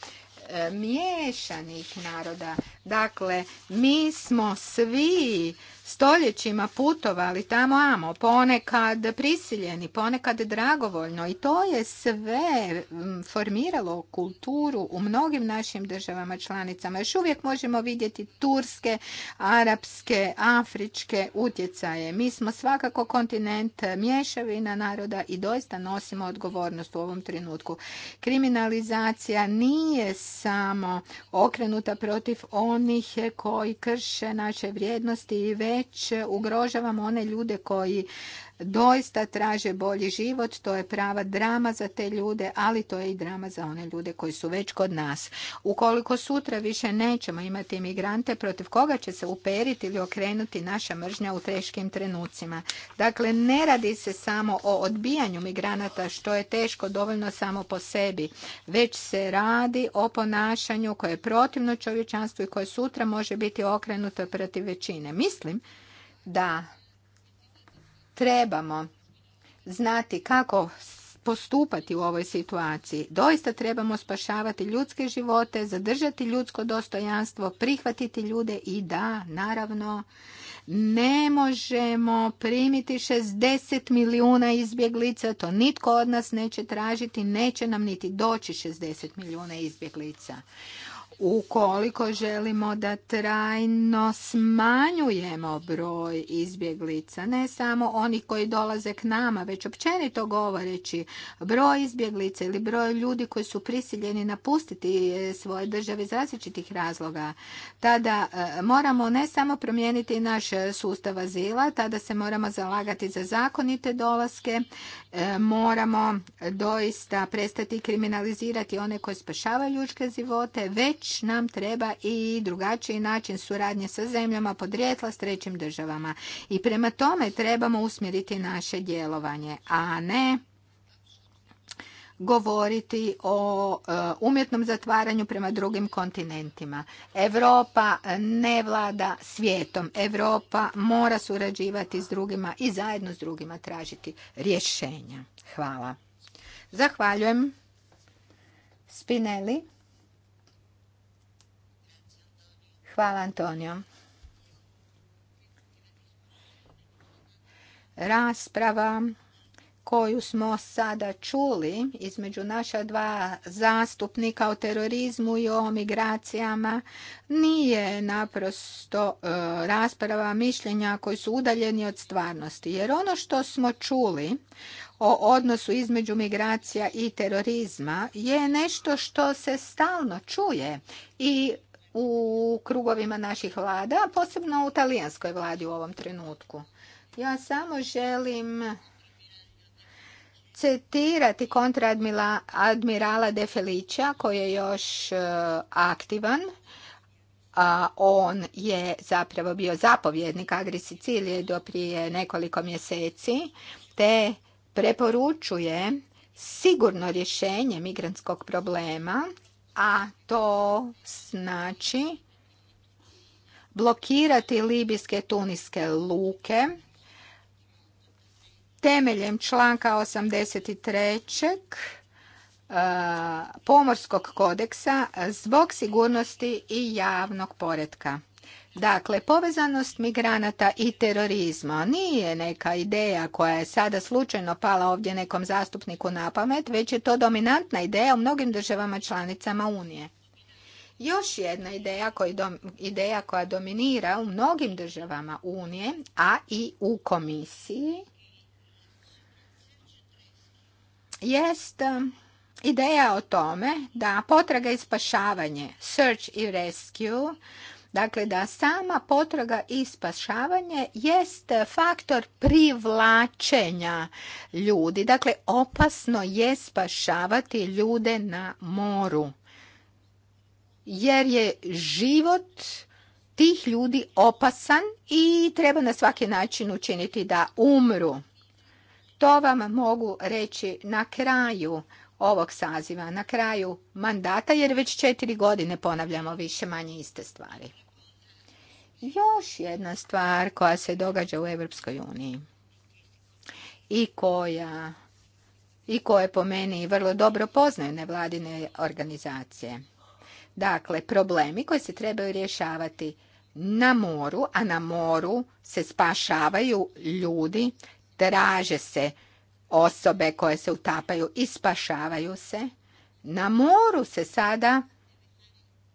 e, miješanih naroda. Dakle, mi smo svi stoljećima putovali tamo amo, ponekad prisiljeni, ponekad dragovoljno i to je sve formiralo kulturu u mnogim našim državama članicama. Još uvijek možemo vidjeti turske, arapske, afričke utjecaje. Mi smo svakako kontinent mješavina naroda i doista nosimo odgovornost u ovom trenutku. Kriminalizacija nije samo okrenuta protiv onih koji krše naše vrijednosti i već ugrožavamo one ljude koji doista traže bolji život. To je prava drama za te ljude, ali to je i drama za one ljude koji su već kod nas. Ukoliko sutra više nećemo imati imigrante, protiv koga će se uperiti ili okrenuti naša mržnja u teškim trenucima. Dakle, ne radi se samo o odbijanju migranata, što je teško dovoljno samo po sebi, već se radi o ponašanju koje je protivno čovječanstvu i koje sutra može biti okrenuto protiv većine. Mislim da trebamo znati kako postupati u ovoj situaciji. Doista trebamo spašavati ljudske živote, zadržati ljudsko dostojanstvo, prihvatiti ljude i da, naravno, ne možemo primiti 60 milijuna izbjeglica, to nitko od nas neće tražiti, neće nam niti doći 60 milijuna izbjeglica ukoliko želimo da trajno smanjujemo broj izbjeglica, ne samo oni koji dolaze k nama, već općenito govoreći broj izbjeglica ili broj ljudi koji su prisiljeni napustiti svoje države iz različitih razloga, tada e, moramo ne samo promijeniti naš sustav azila, tada se moramo zalagati za zakonite dolaske moramo doista prestati kriminalizirati one koji spašavaju ljudske živote, već nam treba i drugačiji način suradnje sa zemljama podrijetla s trećim državama. I prema tome trebamo usmjeriti naše djelovanje, a ne govoriti o e, umjetnom zatvaranju prema drugim kontinentima. Europa ne vlada svijetom. Europa mora surađivati s drugima i zajedno s drugima tražiti rješenja. Hvala. Zahvaljujem. Spinelli. Hvala Antonio. Rasprava koju smo sada čuli između naša dva zastupnika o terorizmu i o migracijama nije naprosto e, rasprava mišljenja koji su udaljeni od stvarnosti. Jer ono što smo čuli o odnosu između migracija i terorizma je nešto što se stalno čuje i u krugovima naših vlada, posebno u talijanskoj vladi u ovom trenutku. Ja samo želim citirati Admirala De Felicia koji je još e, aktivan. A on je zapravo bio zapovjednik Agri Sicilije do prije nekoliko mjeseci te preporučuje sigurno rješenje migrantskog problema, a to znači blokirati libijske tuniske luke temeljem članka 83. E, pomorskog kodeksa zbog sigurnosti i javnog poretka. Dakle, povezanost migranata i terorizma nije neka ideja koja je sada slučajno pala ovdje nekom zastupniku na pamet, već je to dominantna ideja u mnogim državama članicama Unije. Još jedna ideja, koji ideja koja dominira u mnogim državama Unije, a i u komisiji, jest e, ideja o tome da potraga i spašavanje, search i rescue, dakle da sama potraga i spašavanje jest faktor privlačenja ljudi. Dakle, opasno je spašavati ljude na moru jer je život tih ljudi opasan i treba na svaki način učiniti da umru. To vam mogu reći na kraju ovog saziva, na kraju mandata, jer već četiri godine ponavljamo više manje iste stvari. Još jedna stvar koja se događa u Europskoj uniji i koja i koje po meni vrlo dobro poznaju nevladine organizacije. Dakle, problemi koji se trebaju rješavati na moru, a na moru se spašavaju ljudi, traže se osobe koje se utapaju i spašavaju se. Na moru se sada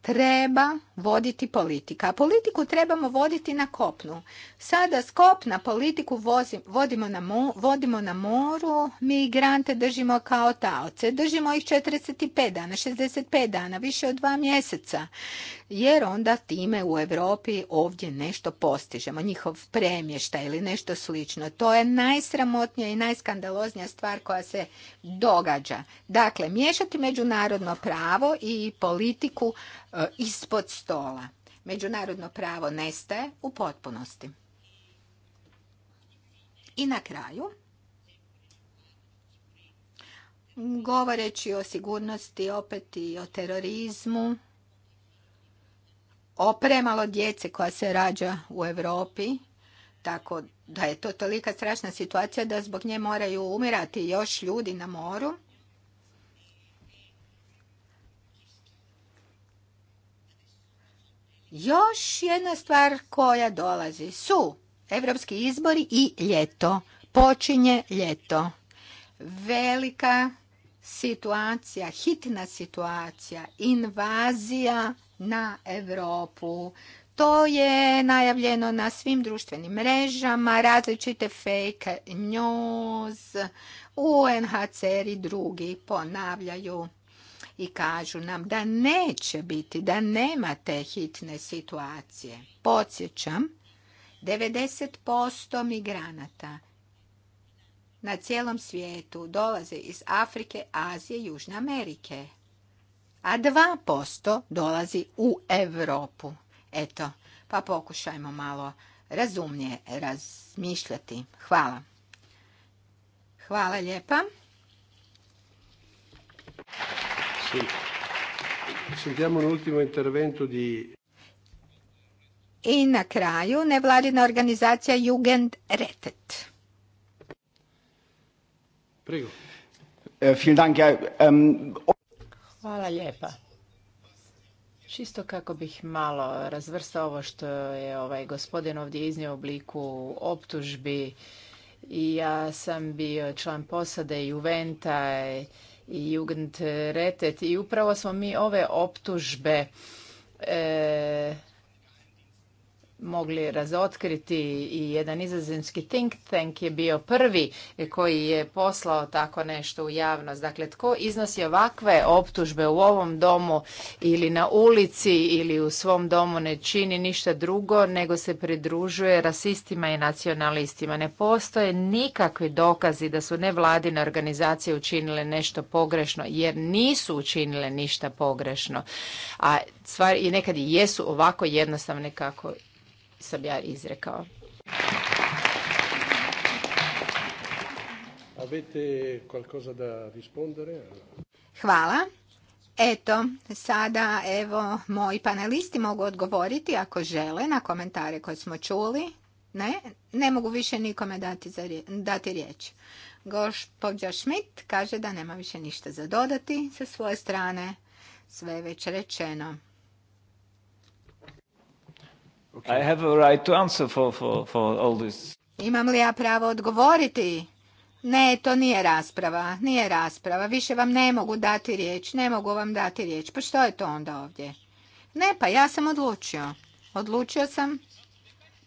treba voditi politika. A politiku trebamo voditi na kopnu. Sada s kopna politiku vodimo, na mo, vodimo na moru, migrante držimo kao taoce. Držimo ih 45 dana, 65 dana, više od dva mjeseca. Jer onda time u Europi ovdje nešto postižemo. Njihov premještaj ili nešto slično. To je najsramotnija i najskandaloznija stvar koja se događa. Dakle, miješati međunarodno pravo i politiku e, ispod stola. Međunarodno pravo nestaje u potpunosti. I na kraju, govoreći o sigurnosti opet i o terorizmu, o premalo djece koja se rađa u Europi, tako da je to tolika strašna situacija da zbog nje moraju umirati još ljudi na moru. Još jedna stvar koja dolazi su evropski izbori i ljeto. Počinje ljeto. Velika situacija, hitna situacija, invazija na Europu. To je najavljeno na svim društvenim mrežama, različite fake news, UNHCR i drugi ponavljaju i kažu nam da neće biti, da nema te hitne situacije. Podsjećam, 90% migranata na cijelom svijetu dolaze iz Afrike, Azije i Južne Amerike, a 2% dolazi u Europu. Eto, pa pokušajmo malo razumnije razmišljati. Hvala. Hvala lijepa. Sentiamo un ultimo intervento di... E I na kraju nevladina organizacija Jugend Retet. Prigo. Eh, ähm, Hvala lijepa. Čisto kako bih malo razvrstao ovo što je ovaj gospodin ovdje iznio u obliku optužbi. I ja sam bio član posade Juventa i i Jugendretet i upravo smo mi ove optužbe e, mogli razotkriti i jedan izazemski think tank je bio prvi koji je poslao tako nešto u javnost. Dakle, tko iznosi ovakve optužbe u ovom domu ili na ulici ili u svom domu ne čini ništa drugo nego se pridružuje rasistima i nacionalistima. Ne postoje nikakvi dokazi da su nevladine organizacije učinile nešto pogrešno jer nisu učinile ništa pogrešno. A stvari i nekad i jesu ovako jednostavne kako sam izrekao. Hvala. Eto, sada evo moji panelisti mogu odgovoriti ako žele na komentare koje smo čuli. Ne, ne mogu više nikome dati, za, dati riječ. Gospođa Schmidt kaže da nema više ništa za dodati sa svoje strane. Sve je već rečeno. I have a right to answer for, for, for all this. Imam li ja pravo odgovoriti? Ne, to nije rasprava, nije rasprava. Više vam ne mogu dati riječ, ne mogu vam dati riječ. Pa što je to onda ovdje? Ne, pa ja sam odlučio. Odlučio sam,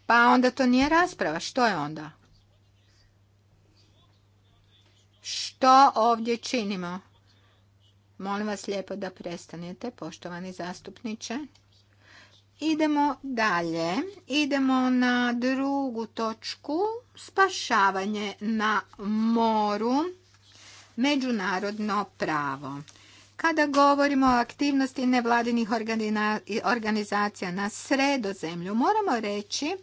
pa onda to nije rasprava. Što je onda? Što ovdje činimo? Molim vas lijepo da prestanete, poštovani zastupniče. Idemo dalje. Idemo na drugu točku. Spašavanje na moru. Međunarodno pravo. Kada govorimo o aktivnosti nevladinih organizacija na sredozemlju, moramo reći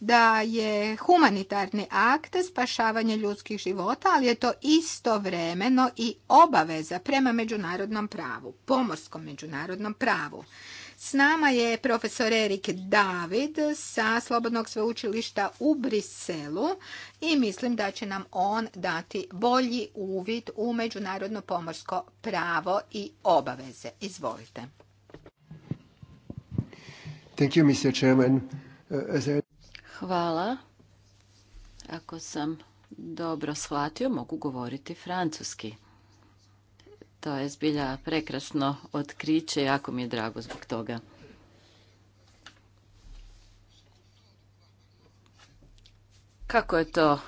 da je humanitarni akt spašavanje ljudskih života, ali je to istovremeno i obaveza prema međunarodnom pravu, pomorskom međunarodnom pravu. S nama je profesor Erik David sa Slobodnog sveučilišta u Briselu i mislim da će nam on dati bolji uvid u međunarodno pomorsko pravo i obaveze. Izvolite. Thank uh, Hvala. Ako sam dobro shvatio, mogu govoriti francuski. To je zbilja prekrasno otkriće, jako mi je drago zbog toga. Kako je to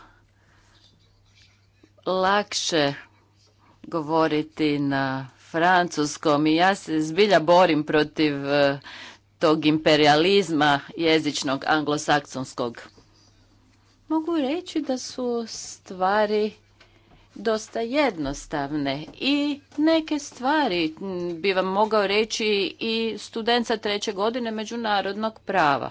lakše govoriti na francuskom i ja se zbilja borim protiv e, tog imperializma jezičnog anglosaksonskog. Mogu reći da su stvari dosta jednostavne i neke stvari bi vam mogao reći i studenca treće godine međunarodnog prava.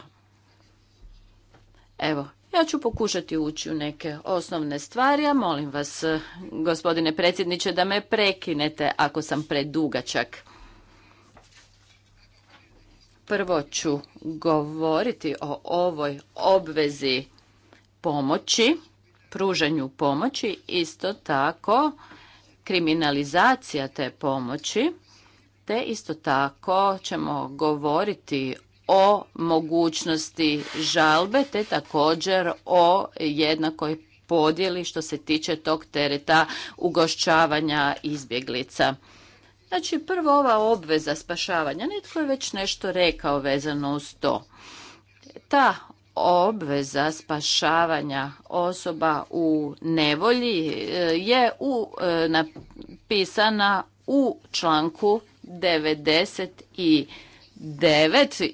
Evo, ja ću pokušati ući u neke osnovne stvari, a molim vas, gospodine predsjedniče, da me prekinete ako sam predugačak. Prvo ću govoriti o ovoj obvezi pomoći pružanju pomoći, isto tako kriminalizacija te pomoći, te isto tako ćemo govoriti o mogućnosti žalbe, te također o jednakoj podjeli što se tiče tog tereta ugošćavanja izbjeglica. Znači, prvo ova obveza spašavanja, netko je već nešto rekao vezano uz to. Ta obveza spašavanja osoba u nevolji e, je u, e, napisana u članku 99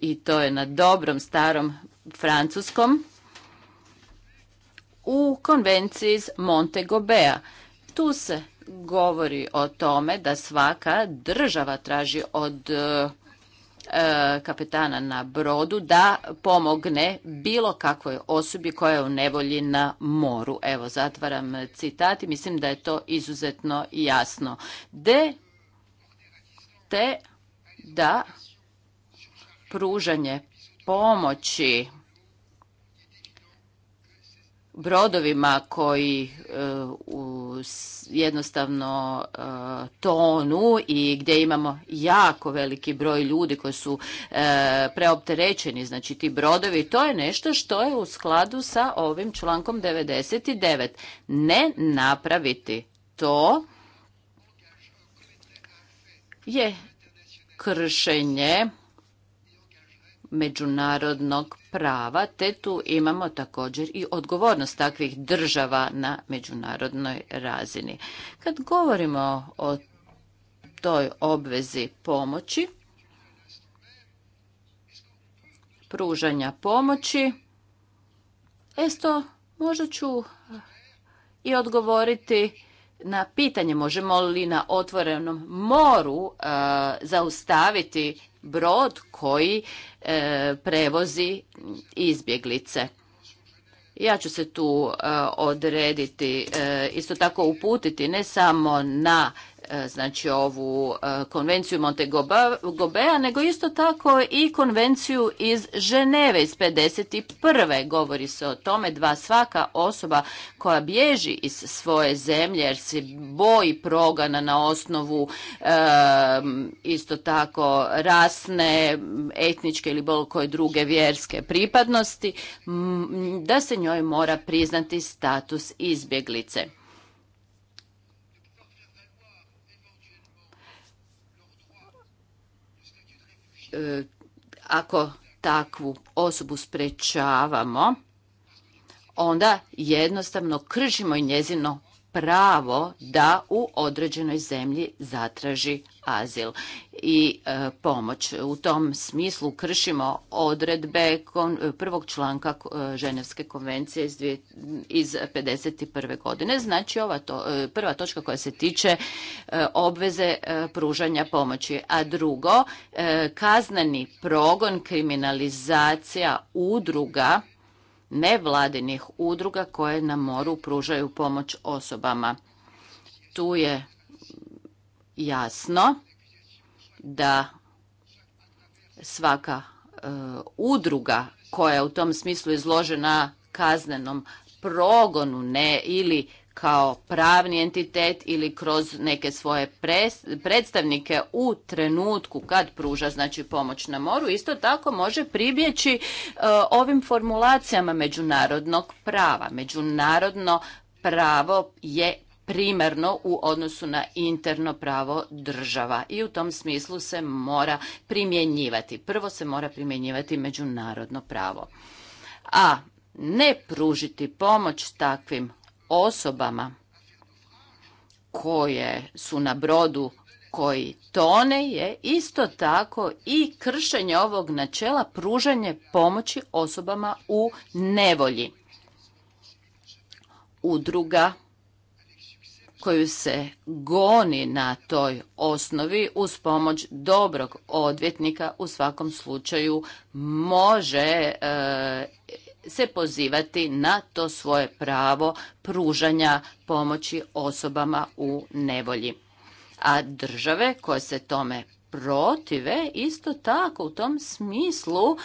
i to je na dobrom starom francuskom u konvenciji iz Montegobea. Tu se govori o tome da svaka država traži od e, E, kapetana na brodu da pomogne bilo kakvoj osobi koja je u nevolji na moru. Evo, zatvaram citat i mislim da je to izuzetno jasno. De, te da pružanje pomoći brodovima koji e, jednostavno e, tonu i gdje imamo jako veliki broj ljudi koji su e, preopterećeni, znači ti brodovi, to je nešto što je u skladu sa ovim člankom 99. Ne napraviti to je kršenje međunarodnog prava, te tu imamo također i odgovornost takvih država na međunarodnoj razini. Kad govorimo o toj obvezi pomoći, pružanja pomoći, esto možda ću i odgovoriti na pitanje možemo li na otvorenom moru zaustaviti brod koji E, prevozi izbjeglice. Ja ću se tu e, odrediti, e, isto tako uputiti ne samo na E, znači ovu e, konvenciju Gobea nego isto tako i konvenciju iz Ženeve iz 51. Govori se o tome da svaka osoba koja bježi iz svoje zemlje jer se boji progana na osnovu e, isto tako rasne, etničke ili bilo koje druge vjerske pripadnosti, da se njoj mora priznati status izbjeglice. E, ako takvu osobu sprečavamo, onda jednostavno kršimo i njezino pravo da u određenoj zemlji zatraži azil i e, pomoć. U tom smislu kršimo odredbe kon, prvog članka e, Ženevske konvencije iz, dvije, iz 51. godine. Znači, ova to, e, prva točka koja se tiče obveze pružanja pomoći. A drugo, kazneni progon, kriminalizacija udruga nevladinih udruga koje na moru pružaju pomoć osobama. Tu je jasno da svaka e, udruga koja je u tom smislu izložena kaznenom progonu ne ili kao pravni entitet ili kroz neke svoje predstavnike u trenutku kad pruža znači pomoć na moru isto tako može pribjeći e, ovim formulacijama međunarodnog prava međunarodno pravo je primarno u odnosu na interno pravo država i u tom smislu se mora primjenjivati prvo se mora primjenjivati međunarodno pravo a ne pružiti pomoć takvim osobama koje su na brodu koji tone je isto tako i kršenje ovog načela pružanje pomoći osobama u nevolji. Udruga koju se goni na toj osnovi uz pomoć dobrog odvjetnika u svakom slučaju može e, se pozivati na to svoje pravo pružanja pomoći osobama u nevolji. A države koje se tome protive isto tako u tom smislu e,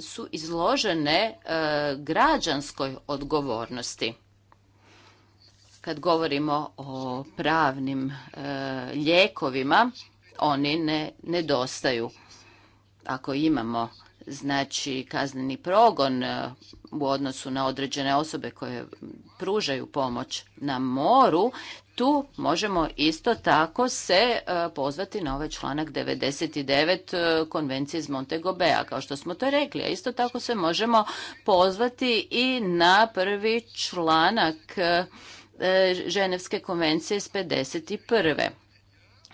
su izložene e, građanskoj odgovornosti kad govorimo o pravnim e, lijekovima oni ne nedostaju ako imamo znači kazneni progon e, u odnosu na određene osobe koje pružaju pomoć na moru, tu možemo isto tako se e, pozvati na ovaj članak 99 e, konvencije iz Montegobea, kao što smo to rekli. A isto tako se možemo pozvati i na prvi članak Ženevske konvencije iz 51.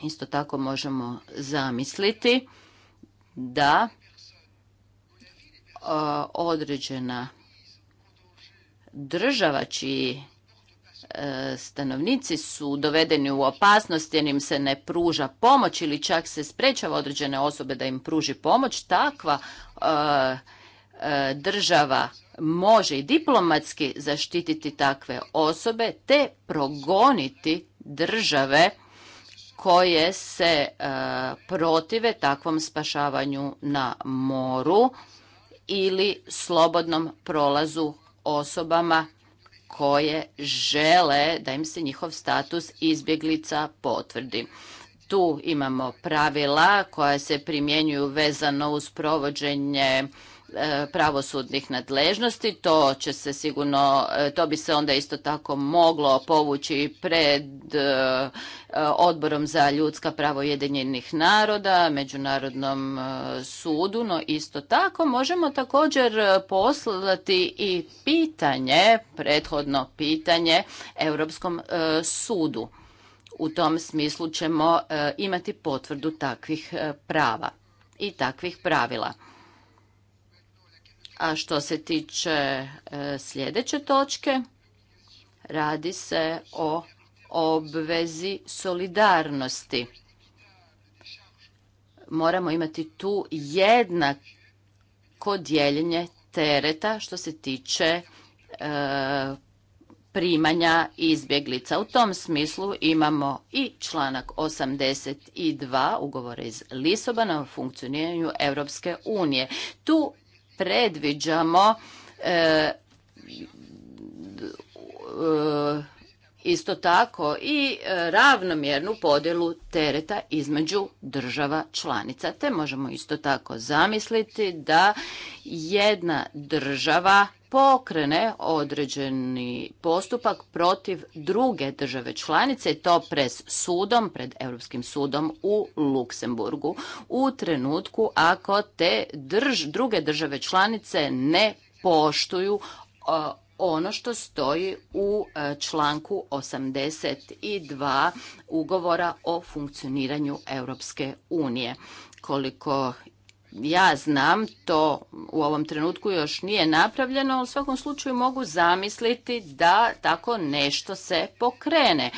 Isto tako možemo zamisliti da određena država čiji e, stanovnici su dovedeni u opasnost jer im se ne pruža pomoć ili čak se sprečava određene osobe da im pruži pomoć, takva e, e, država može i diplomatski zaštititi takve osobe te progoniti države koje se protive takvom spašavanju na moru ili slobodnom prolazu osobama koje žele da im se njihov status izbjeglica potvrdi. Tu imamo pravila koja se primjenjuju vezano uz provođenje E, pravosudnih nadležnosti. To će se sigurno, e, to bi se onda isto tako moglo povući pred e, odborom za ljudska pravo Jedinjenih naroda, Međunarodnom sudu, no isto tako možemo također poslati i pitanje, prethodno pitanje Europskom sudu. U tom smislu ćemo imati potvrdu takvih prava i takvih pravila. A što se tiče e, sljedeće točke, radi se o obvezi solidarnosti. Moramo imati tu jednako dijeljenje tereta što se tiče e, primanja izbjeglica. U tom smislu imamo i članak 82 ugovora iz Lisobana o funkcioniranju Europske unije. Tu predviđamo e, e, isto tako i e, ravnomjernu podjelu tereta između država članica. Te možemo isto tako zamisliti da jedna država pokrene određeni postupak protiv druge države članice i to pred sudom, pred Europskim sudom u Luksemburgu u trenutku ako te drž, druge države članice ne poštuju e, ono što stoji u e, članku 82 ugovora o funkcioniranju Europske unije. Koliko ja znam, to u ovom trenutku još nije napravljeno, u svakom slučaju mogu zamisliti da tako nešto se pokrene.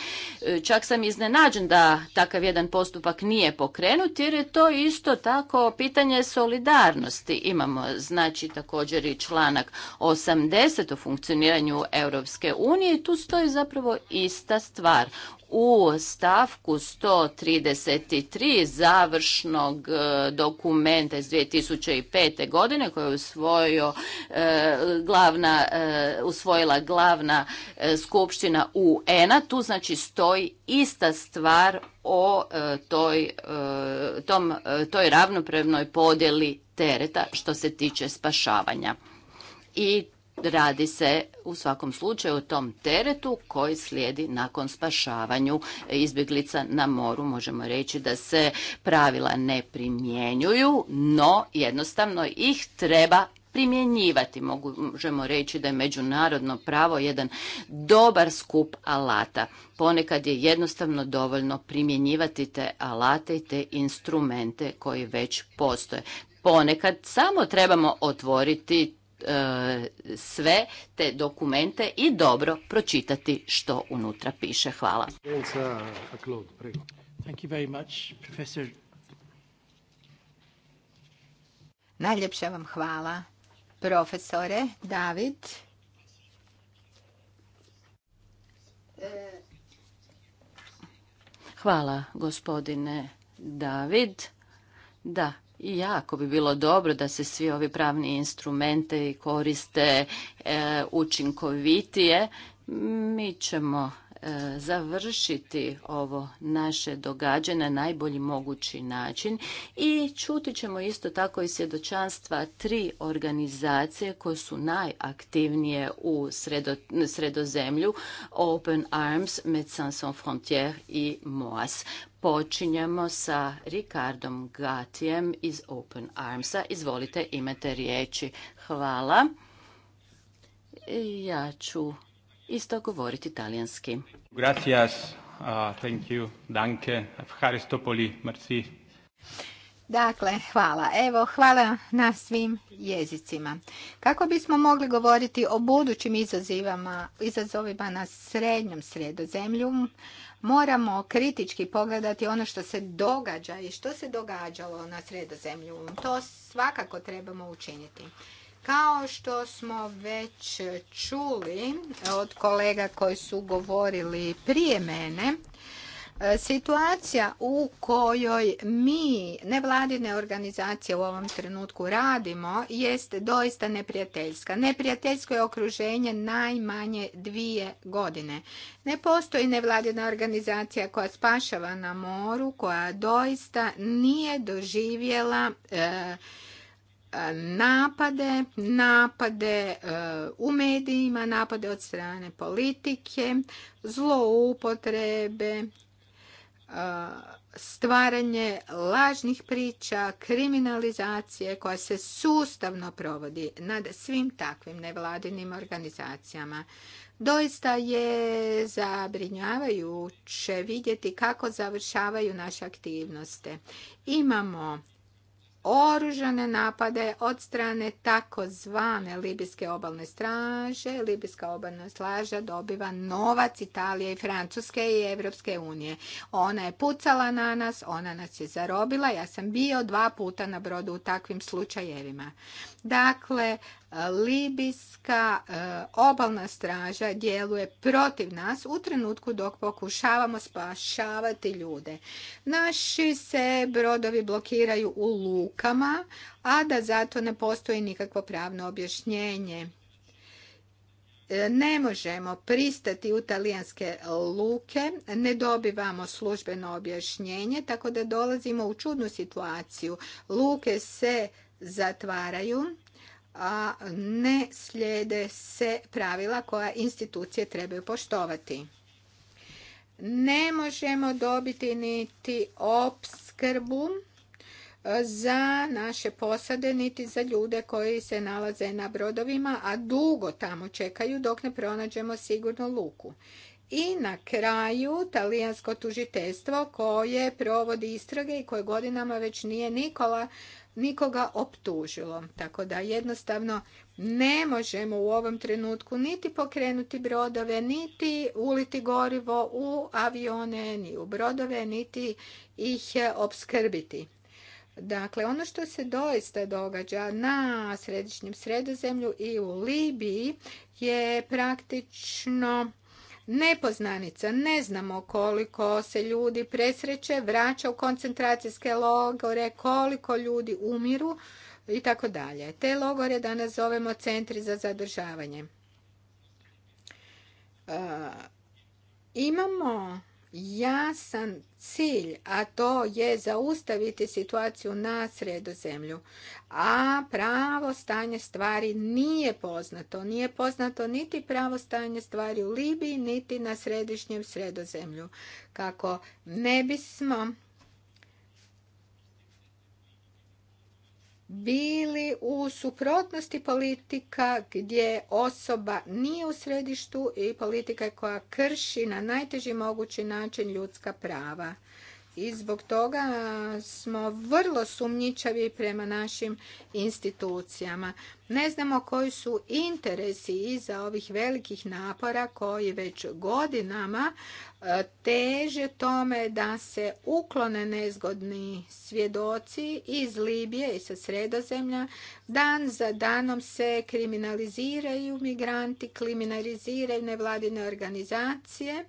E, čak sam iznenađen da takav jedan postupak nije pokrenut jer je to isto tako pitanje solidarnosti. Imamo znači također i članak 80 o funkcioniranju Europske unije i tu stoji zapravo ista stvar u stavku 133 završnog e, dokumenta iz 2005. godine koju je usvojio, e, glavna, e, usvojila glavna skupština UN-a. Tu znači stoji ista stvar o toj, tom, toj ravnopravnoj podjeli tereta što se tiče spašavanja. I radi se u svakom slučaju o tom teretu koji slijedi nakon spašavanju izbjeglica na moru. Možemo reći da se pravila ne primjenjuju, no jednostavno ih treba primjenjivati. Možemo reći da je međunarodno pravo jedan dobar skup alata. Ponekad je jednostavno dovoljno primjenjivati te alate i te instrumente koji već postoje. Ponekad samo trebamo otvoriti E, sve te dokumente i dobro pročitati što unutra piše. Hvala. Thank Najljepša vam hvala, profesore David. Hvala, gospodine David. Da, i jako bi bilo dobro da se svi ovi pravni instrumente koriste e, učinkovitije. Mi ćemo e, završiti ovo naše događanje na najbolji mogući način i čuti ćemo isto tako i svjedočanstva tri organizacije koje su najaktivnije u sredo, sredozemlju Open Arms, Médecins Sans Frontières i MOAS. Počinjemo sa Rikardom Gatijem iz Open Armsa. Izvolite, imate riječi. Hvala. Ja ću isto govoriti talijanski. Gracias, thank you, danke, merci. Dakle, hvala. Evo, hvala na svim jezicima. Kako bismo mogli govoriti o budućim izazovima, izazovima na srednjom sredozemlju, moramo kritički pogledati ono što se događa i što se događalo na sredozemlju. To svakako trebamo učiniti. Kao što smo već čuli od kolega koji su govorili prije mene, E, situacija u kojoj mi, nevladine organizacije u ovom trenutku radimo, jest doista neprijateljska. Neprijateljsko je okruženje najmanje dvije godine. Ne postoji nevladina organizacija koja spašava na moru, koja doista nije doživjela e, e, napade, napade u medijima, napade od strane politike, zloupotrebe, stvaranje lažnih priča, kriminalizacije koja se sustavno provodi nad svim takvim nevladinim organizacijama. Doista je zabrinjavajuće vidjeti kako završavaju naše aktivnosti. Imamo oružane napade od strane takozvane Libijske obalne straže. Libijska obalna straža dobiva novac Italije i Francuske i Evropske unije. Ona je pucala na nas, ona nas je zarobila. Ja sam bio dva puta na brodu u takvim slučajevima. Dakle, Libijska e, obalna straža djeluje protiv nas u trenutku dok pokušavamo spašavati ljude. Naši se brodovi blokiraju u lukama, a da zato ne postoji nikakvo pravno objašnjenje e, ne možemo pristati u talijanske luke, ne dobivamo službeno objašnjenje, tako da dolazimo u čudnu situaciju. Luke se zatvaraju, a ne slijede se pravila koja institucije trebaju poštovati. Ne možemo dobiti niti opskrbu e, za naše posade, niti za ljude koji se nalaze na brodovima, a dugo tamo čekaju dok ne pronađemo sigurnu luku. I na kraju talijansko tužiteljstvo koje provodi istrage i koje godinama već nije Nikola nikoga optužilo. Tako da jednostavno ne možemo u ovom trenutku niti pokrenuti brodove, niti uliti gorivo u avione, ni u brodove, niti ih opskrbiti. Dakle, ono što se doista događa na središnjem sredozemlju i u Libiji je praktično nepoznanica. Ne znamo koliko se ljudi presreće, vraća u koncentracijske logore, koliko ljudi umiru i tako dalje. Te logore danas zovemo centri za zadržavanje. E, imamo jasan cilj, a to je zaustaviti situaciju na sredozemlju. A pravo stanje stvari nije poznato. Nije poznato niti pravo stanje stvari u Libiji, niti na središnjem sredozemlju. Kako ne bismo bili u suprotnosti politika gdje osoba nije u središtu i politika koja krši na najteži mogući način ljudska prava i zbog toga smo vrlo sumnjičavi prema našim institucijama. Ne znamo koji su interesi iza ovih velikih napora koji već godinama e, teže tome da se uklone nezgodni svjedoci iz Libije i sa sredozemlja. Dan za danom se kriminaliziraju migranti, kriminaliziraju nevladine organizacije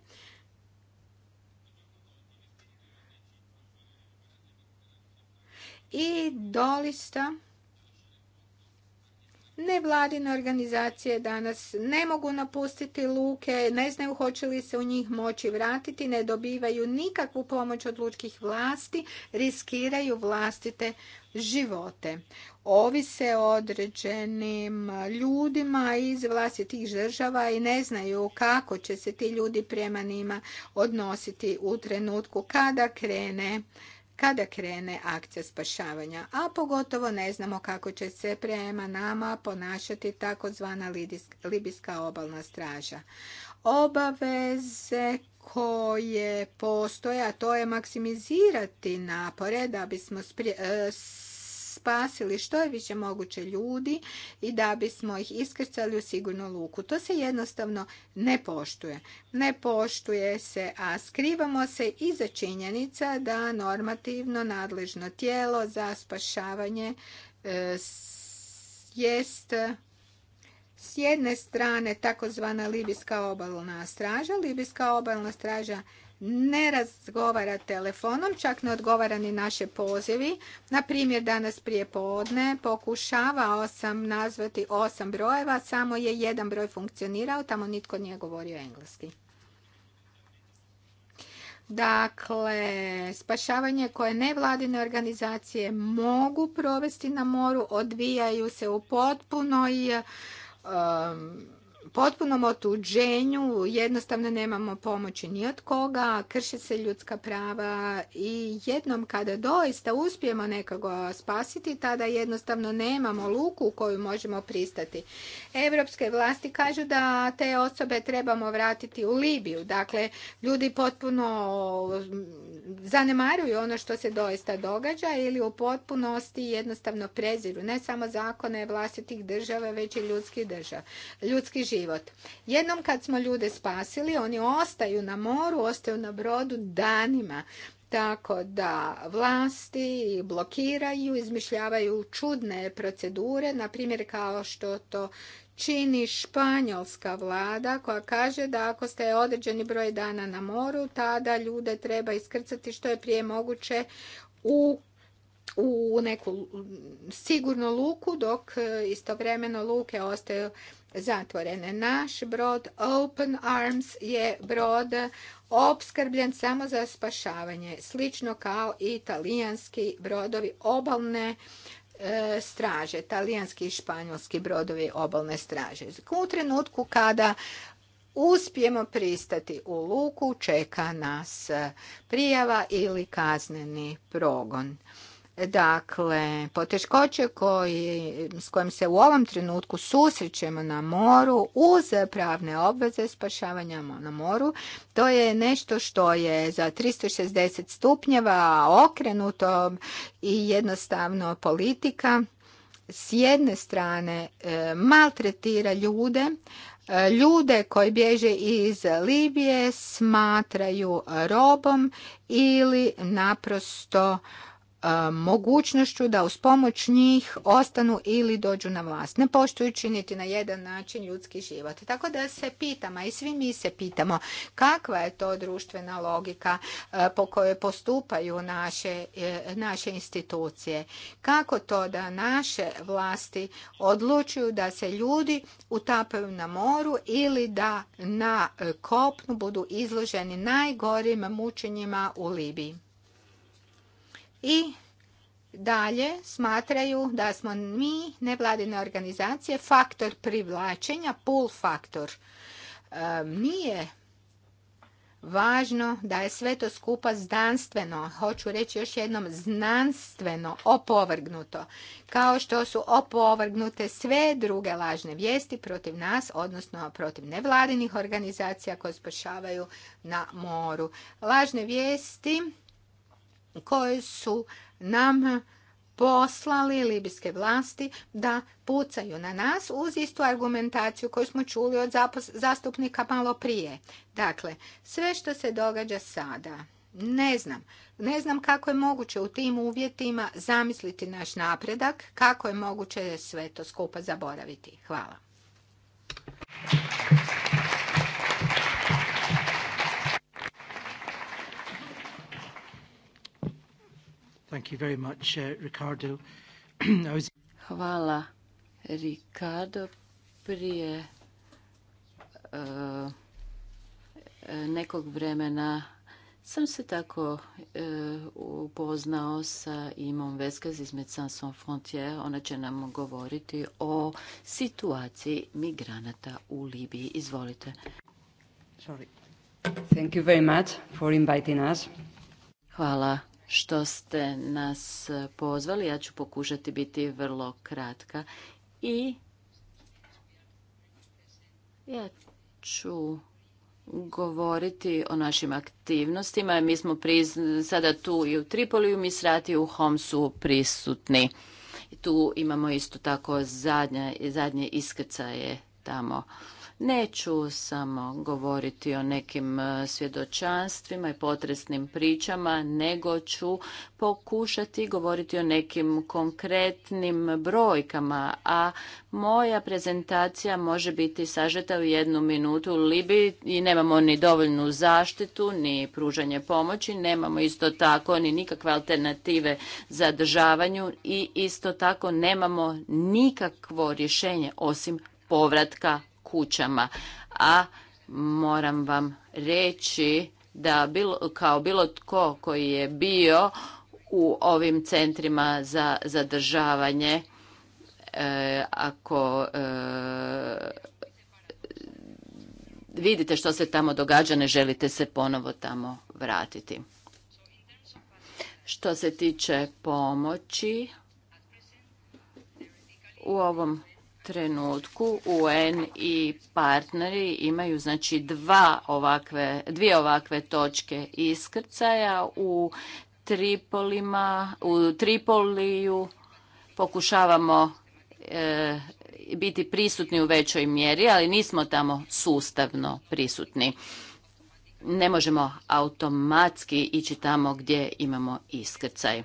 i dolista nevladine organizacije danas ne mogu napustiti luke, ne znaju hoće li se u njih moći vratiti, ne dobivaju nikakvu pomoć od lučkih vlasti, riskiraju vlastite živote. Ovise o određenim ljudima iz vlastitih država i ne znaju kako će se ti ljudi prema njima odnositi u trenutku kada krene kada krene akcija spašavanja, a pogotovo ne znamo kako će se prema nama ponašati takozvana libijska obalna straža. Obaveze koje postoje, a to je maksimizirati napore da bismo e, spasili što je više moguće ljudi i da bismo ih iskrcali u sigurnu luku. To se jednostavno ne poštuje. Ne poštuje se, a skrivamo se iza činjenica da normativno nadležno tijelo za spašavanje e, jest s jedne strane takozvana libijska obalna straža. Libijska obalna straža ne razgovara telefonom, čak ne odgovara ni naše pozivi. Na primjer, danas prije podne pokušavao sam nazvati osam brojeva, samo je jedan broj funkcionirao, tamo nitko nije govorio engleski. Dakle, spašavanje koje nevladine organizacije mogu provesti na moru odvijaju se u potpunoj um, potpunom otuđenju jednostavno nemamo pomoći ni od koga, krše se ljudska prava i jednom kada doista uspijemo nekoga spasiti, tada jednostavno nemamo luku u koju možemo pristati. Europske vlasti kažu da te osobe trebamo vratiti u Libiju. Dakle, ljudi potpuno mm, zanemaruju ono što se doista događa ili u potpunosti jednostavno preziru ne samo zakone vlastitih država, već i ljudski, država ljudski život život. Jednom kad smo ljude spasili, oni ostaju na moru, ostaju na brodu danima. Tako da vlasti blokiraju, izmišljavaju čudne procedure, na primjer kao što to čini španjolska vlada koja kaže da ako ste određeni broj dana na moru, tada ljude treba iskrcati što je prije moguće u u neku sigurnu luku, dok istovremeno luke ostaju zatvorene. Naš brod Open Arms je brod opskrbljen samo za spašavanje, slično kao i talijanski brodovi obalne e, straže, talijanski i španjolski brodovi obalne straže. U trenutku kada uspijemo pristati u luku, čeka nas prijava ili kazneni progon. Dakle, poteškoće koji, s kojim se u ovom trenutku susrećemo na moru uz pravne obveze spašavanja na moru, to je nešto što je za 360 stupnjeva okrenuto i jednostavno politika s jedne strane e, maltretira ljude, e, ljude koji bježe iz Libije smatraju robom ili naprosto E, mogućnošću da uz pomoć njih ostanu ili dođu na vlast, ne poštujući niti na jedan način ljudski život. Tako da se pitamo, a i svi mi se pitamo, kakva je to društvena logika e, po kojoj postupaju naše, e, naše institucije. Kako to da naše vlasti odlučuju da se ljudi utapaju na moru ili da na kopnu budu izloženi najgorim mučenjima u Libiji i dalje smatraju da smo mi, nevladine organizacije, faktor privlačenja, pull faktor. E, nije važno da je sve to skupa znanstveno, hoću reći još jednom, znanstveno opovrgnuto, kao što su opovrgnute sve druge lažne vijesti protiv nas, odnosno protiv nevladinih organizacija koje spašavaju na moru. Lažne vijesti koje su nam poslali libijske vlasti da pucaju na nas uz istu argumentaciju koju smo čuli od zastupnika malo prije. Dakle, sve što se događa sada, ne znam. Ne znam kako je moguće u tim uvjetima zamisliti naš napredak, kako je moguće sve to skupa zaboraviti. Hvala. Thank you very much, uh, Ricardo. Hvala, Ricardo. Prije uh, nekog vremena sam se tako uh, upoznao sa Imom Veskaz iz Médecins Sans Frontières. Ona će nam govoriti o situaciji migranata u Libiji. Izvolite. Thank you very much for inviting us. Hvala što ste nas pozvali. Ja ću pokušati biti vrlo kratka i ja ću govoriti o našim aktivnostima. Mi smo sada tu i u Tripoliju, mi srati u Homsu prisutni. Tu imamo isto tako zadnje iskrcaje tamo. Neću samo govoriti o nekim e, svjedočanstvima i potresnim pričama, nego ću pokušati govoriti o nekim konkretnim brojkama, a moja prezentacija može biti sažeta u jednu minutu u Libiji i nemamo ni dovoljnu zaštitu, ni pružanje pomoći, nemamo isto tako ni nikakve alternative za zadržavanju i isto tako nemamo nikakvo rješenje osim povratka kućama. A moram vam reći da bilo, kao bilo tko koji je bio u ovim centrima za zadržavanje, e, ako e, vidite što se tamo događa, ne želite se ponovo tamo vratiti. Što se tiče pomoći, u ovom trenutku UN i partneri imaju znači dva ovakve, dvije ovakve točke iskrcaja u Tripolima, u Tripoliju pokušavamo e, biti prisutni u većoj mjeri, ali nismo tamo sustavno prisutni. Ne možemo automatski ići tamo gdje imamo iskrcaj.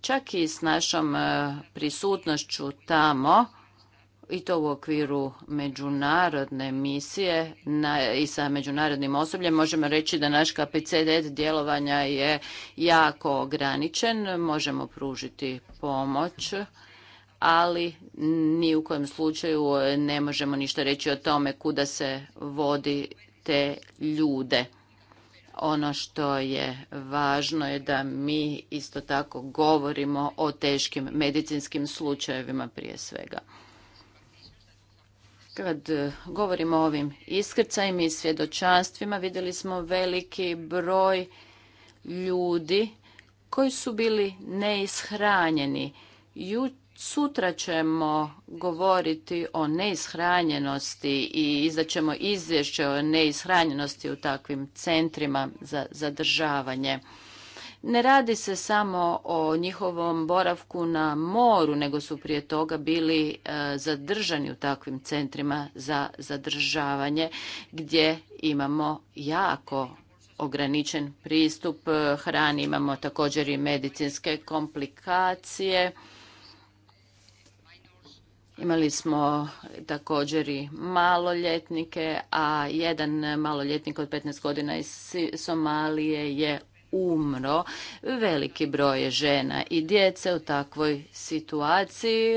Čak i s našom e, prisutnošću tamo i to u okviru međunarodne misije na, i sa međunarodnim osobljem možemo reći da naš kapacitet djelovanja je jako ograničen, možemo pružiti pomoć ali ni u kojem slučaju ne možemo ništa reći o tome kuda se vodi te ljude. Ono što je važno je da mi isto tako govorimo o teškim medicinskim slučajevima prije svega. Kad e, govorimo o ovim iskrcajima i svjedočanstvima, vidjeli smo veliki broj ljudi koji su bili neishranjeni. sutra ćemo govoriti o neishranjenosti i ćemo izvješće o neishranjenosti u takvim centrima za zadržavanje. Ne radi se samo o njihovom boravku na moru, nego su prije toga bili e, zadržani u takvim centrima za zadržavanje gdje imamo jako ograničen pristup e, hrani, imamo također i medicinske komplikacije. Imali smo također i maloljetnike, a jedan maloljetnik od 15 godina iz Somalije je umro. Veliki broj je žena i djece u takvoj situaciji.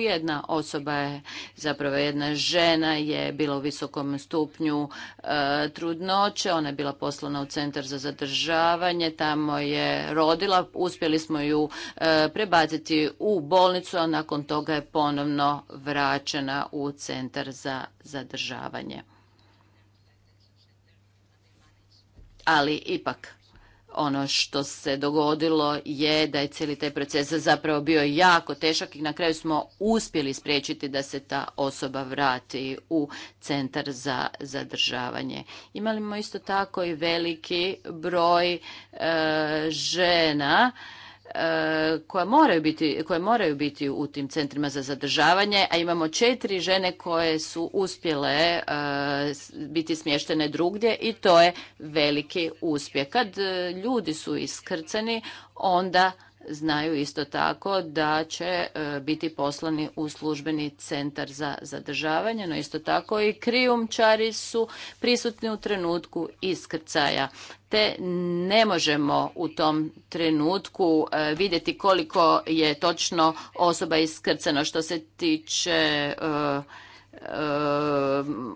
Jedna osoba je, zapravo jedna žena je bila u visokom stupnju e, trudnoće. Ona je bila poslana u centar za zadržavanje. Tamo je rodila. Uspjeli smo ju e, prebaciti u bolnicu, a nakon toga je ponovno vraćena u centar za zadržavanje. ali ipak ono što se dogodilo je da je cijeli taj proces zapravo bio jako težak i na kraju smo uspjeli spriječiti da se ta osoba vrati u centar za zadržavanje. Imali smo isto tako i veliki broj e, žena E, koja moraju, biti, koje moraju biti u tim centrima za zadržavanje, a imamo četiri žene koje su uspjele e, biti smještene drugdje i to je veliki uspjeh. Kad e, ljudi su iskrcani, onda znaju isto tako da će e, biti poslani u službeni centar za zadržavanje, no isto tako i krijumčari su prisutni u trenutku iskrcaja. Te ne možemo u tom trenutku e, vidjeti koliko je točno osoba iskrcana. što se tiče e,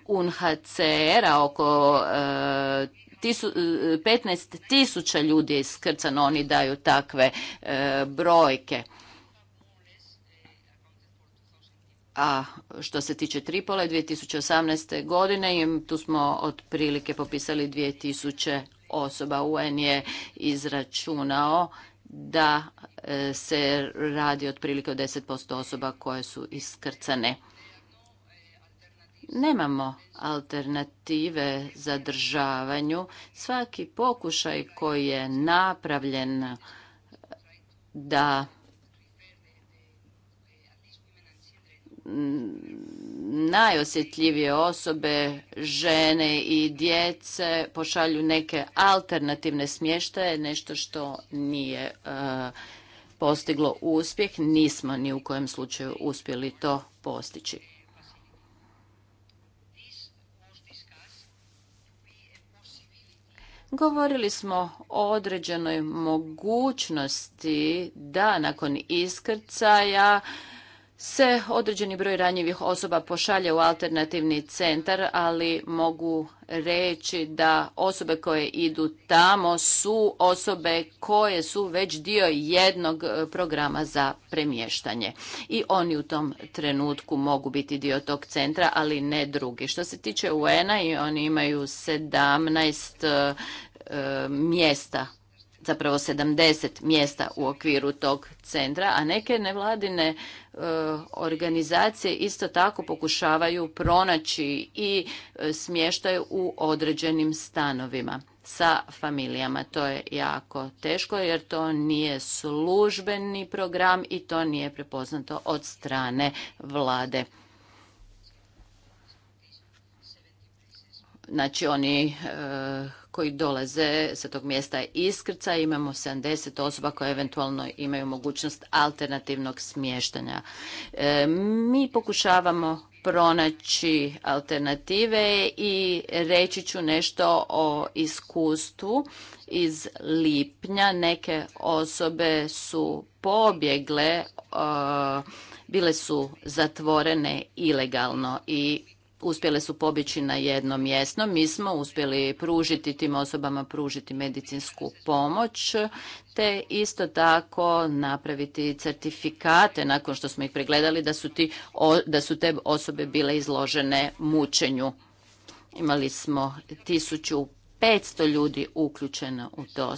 UNHCR-a um, oko 15 e, tisuća ljudi je iskrcano, oni daju takve e, brojke. A što se tiče Tripola 2018. godine, tu smo otprilike popisali 2000 osoba. UN je izračunao da e, se radi otprilike o 10% osoba koje su iskrcane nemamo alternative zadržavanju. Svaki pokušaj koji je napravljen da najosjetljivije osobe, žene i djece pošalju neke alternativne smještaje, nešto što nije e, postiglo uspjeh, nismo ni u kojem slučaju uspjeli to postići. Govorili smo o određenoj mogućnosti da nakon iskrcaja se određeni broj ranjivih osoba pošalje u alternativni centar, ali mogu reći da osobe koje idu tamo su osobe koje su već dio jednog e, programa za premještanje. I oni u tom trenutku mogu biti dio tog centra, ali ne drugi. Što se tiče UN-a, oni imaju 17 e, e, mjesta zapravo 70 mjesta u okviru tog centra, a neke nevladine e, organizacije isto tako pokušavaju pronaći i e, smještaj u određenim stanovima sa familijama. To je jako teško jer to nije službeni program i to nije prepoznato od strane vlade. Znači oni e, koji dolaze sa tog mjesta iskrca. Imamo 70 osoba koje eventualno imaju mogućnost alternativnog smještanja. E, mi pokušavamo pronaći alternative i reći ću nešto o iskustvu iz lipnja. Neke osobe su pobjegle, e, bile su zatvorene ilegalno i uspjele su pobići na jedno mjesto. Mi smo uspjeli pružiti tim osobama pružiti medicinsku pomoć te isto tako napraviti certifikate nakon što smo ih pregledali da su, ti, da su te osobe bile izložene mučenju. Imali smo tisuću 500 ljudi uključeno u to.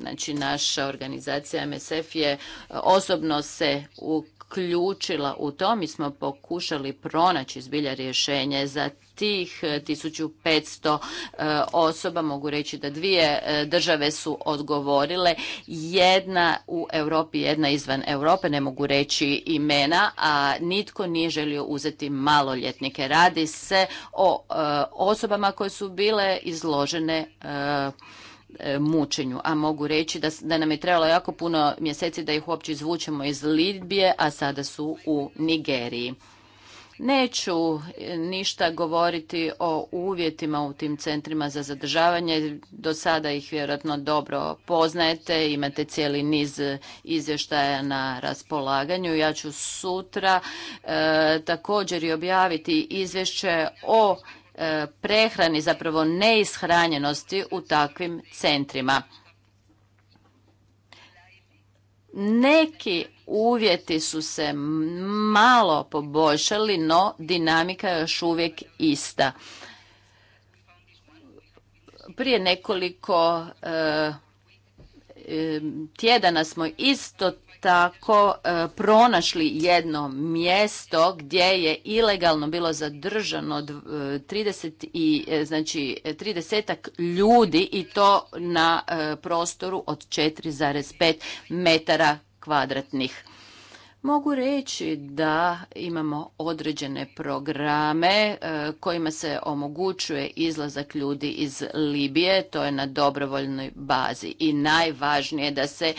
Znači naša organizacija MSF je e, osobno se uključila u to. Mi smo pokušali pronaći zbilja rješenje za tih 1500 e, e, osoba mogu reći da dvije e, države su odgovorile, jedna u Europi, jedna izvan Europe, ne mogu reći imena, a nitko nije želio uzeti maloljetnike. Radi se o osobama koje su bile izložene mučenju, a mogu reći da, da nam je trebalo jako puno mjeseci da ih uopće izvučemo iz Libije, a sada su u Nigeriji. Neću ništa govoriti o uvjetima u tim centrima za zadržavanje. Do sada ih vjerojatno dobro poznajete. Imate cijeli niz izvještaja na raspolaganju. Ja ću sutra e, također i objaviti izvješće o e, prehrani, zapravo neishranjenosti u takvim centrima. Neki uvjeti su se malo poboljšali, no dinamika je još uvijek ista. Prije nekoliko e, e, tjedana smo isto tako e, pronašli jedno mjesto gdje je ilegalno bilo zadržano 30 e, i e, znači 30 ljudi i to na prostoru od 4,5 metara kvadratnih. Mogu reći da imamo određene programe e, kojima se omogućuje izlazak ljudi iz Libije, to je na dobrovoljnoj bazi i najvažnije je da se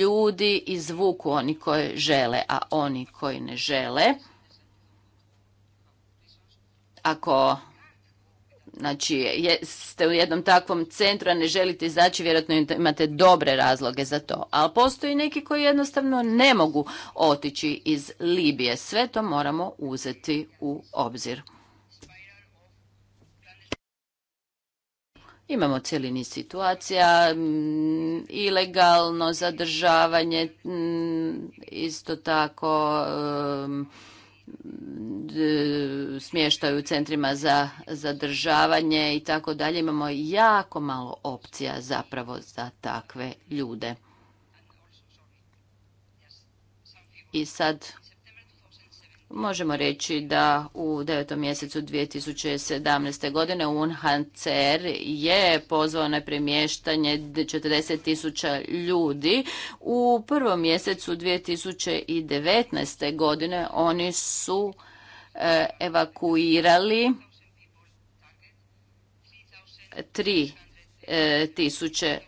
ljudi izvuku oni koji žele, a oni koji ne žele. Ako Znači, ste u jednom takvom centru, a ne želite izaći, vjerojatno imate dobre razloge za to. Ali postoji neki koji jednostavno ne mogu otići iz Libije. Sve to moramo uzeti u obzir. Imamo cijeli niz situacija, ilegalno zadržavanje, isto tako smještaju u centrima za zadržavanje i tako dalje. Imamo jako malo opcija zapravo za takve ljude. I sad Možemo reći da u 9. mjesecu 2017. godine UNHCR je pozvao na premještanje 40.000 ljudi. U prvom mjesecu 2019. godine oni su e, evakuirali 3.000 e, tisuće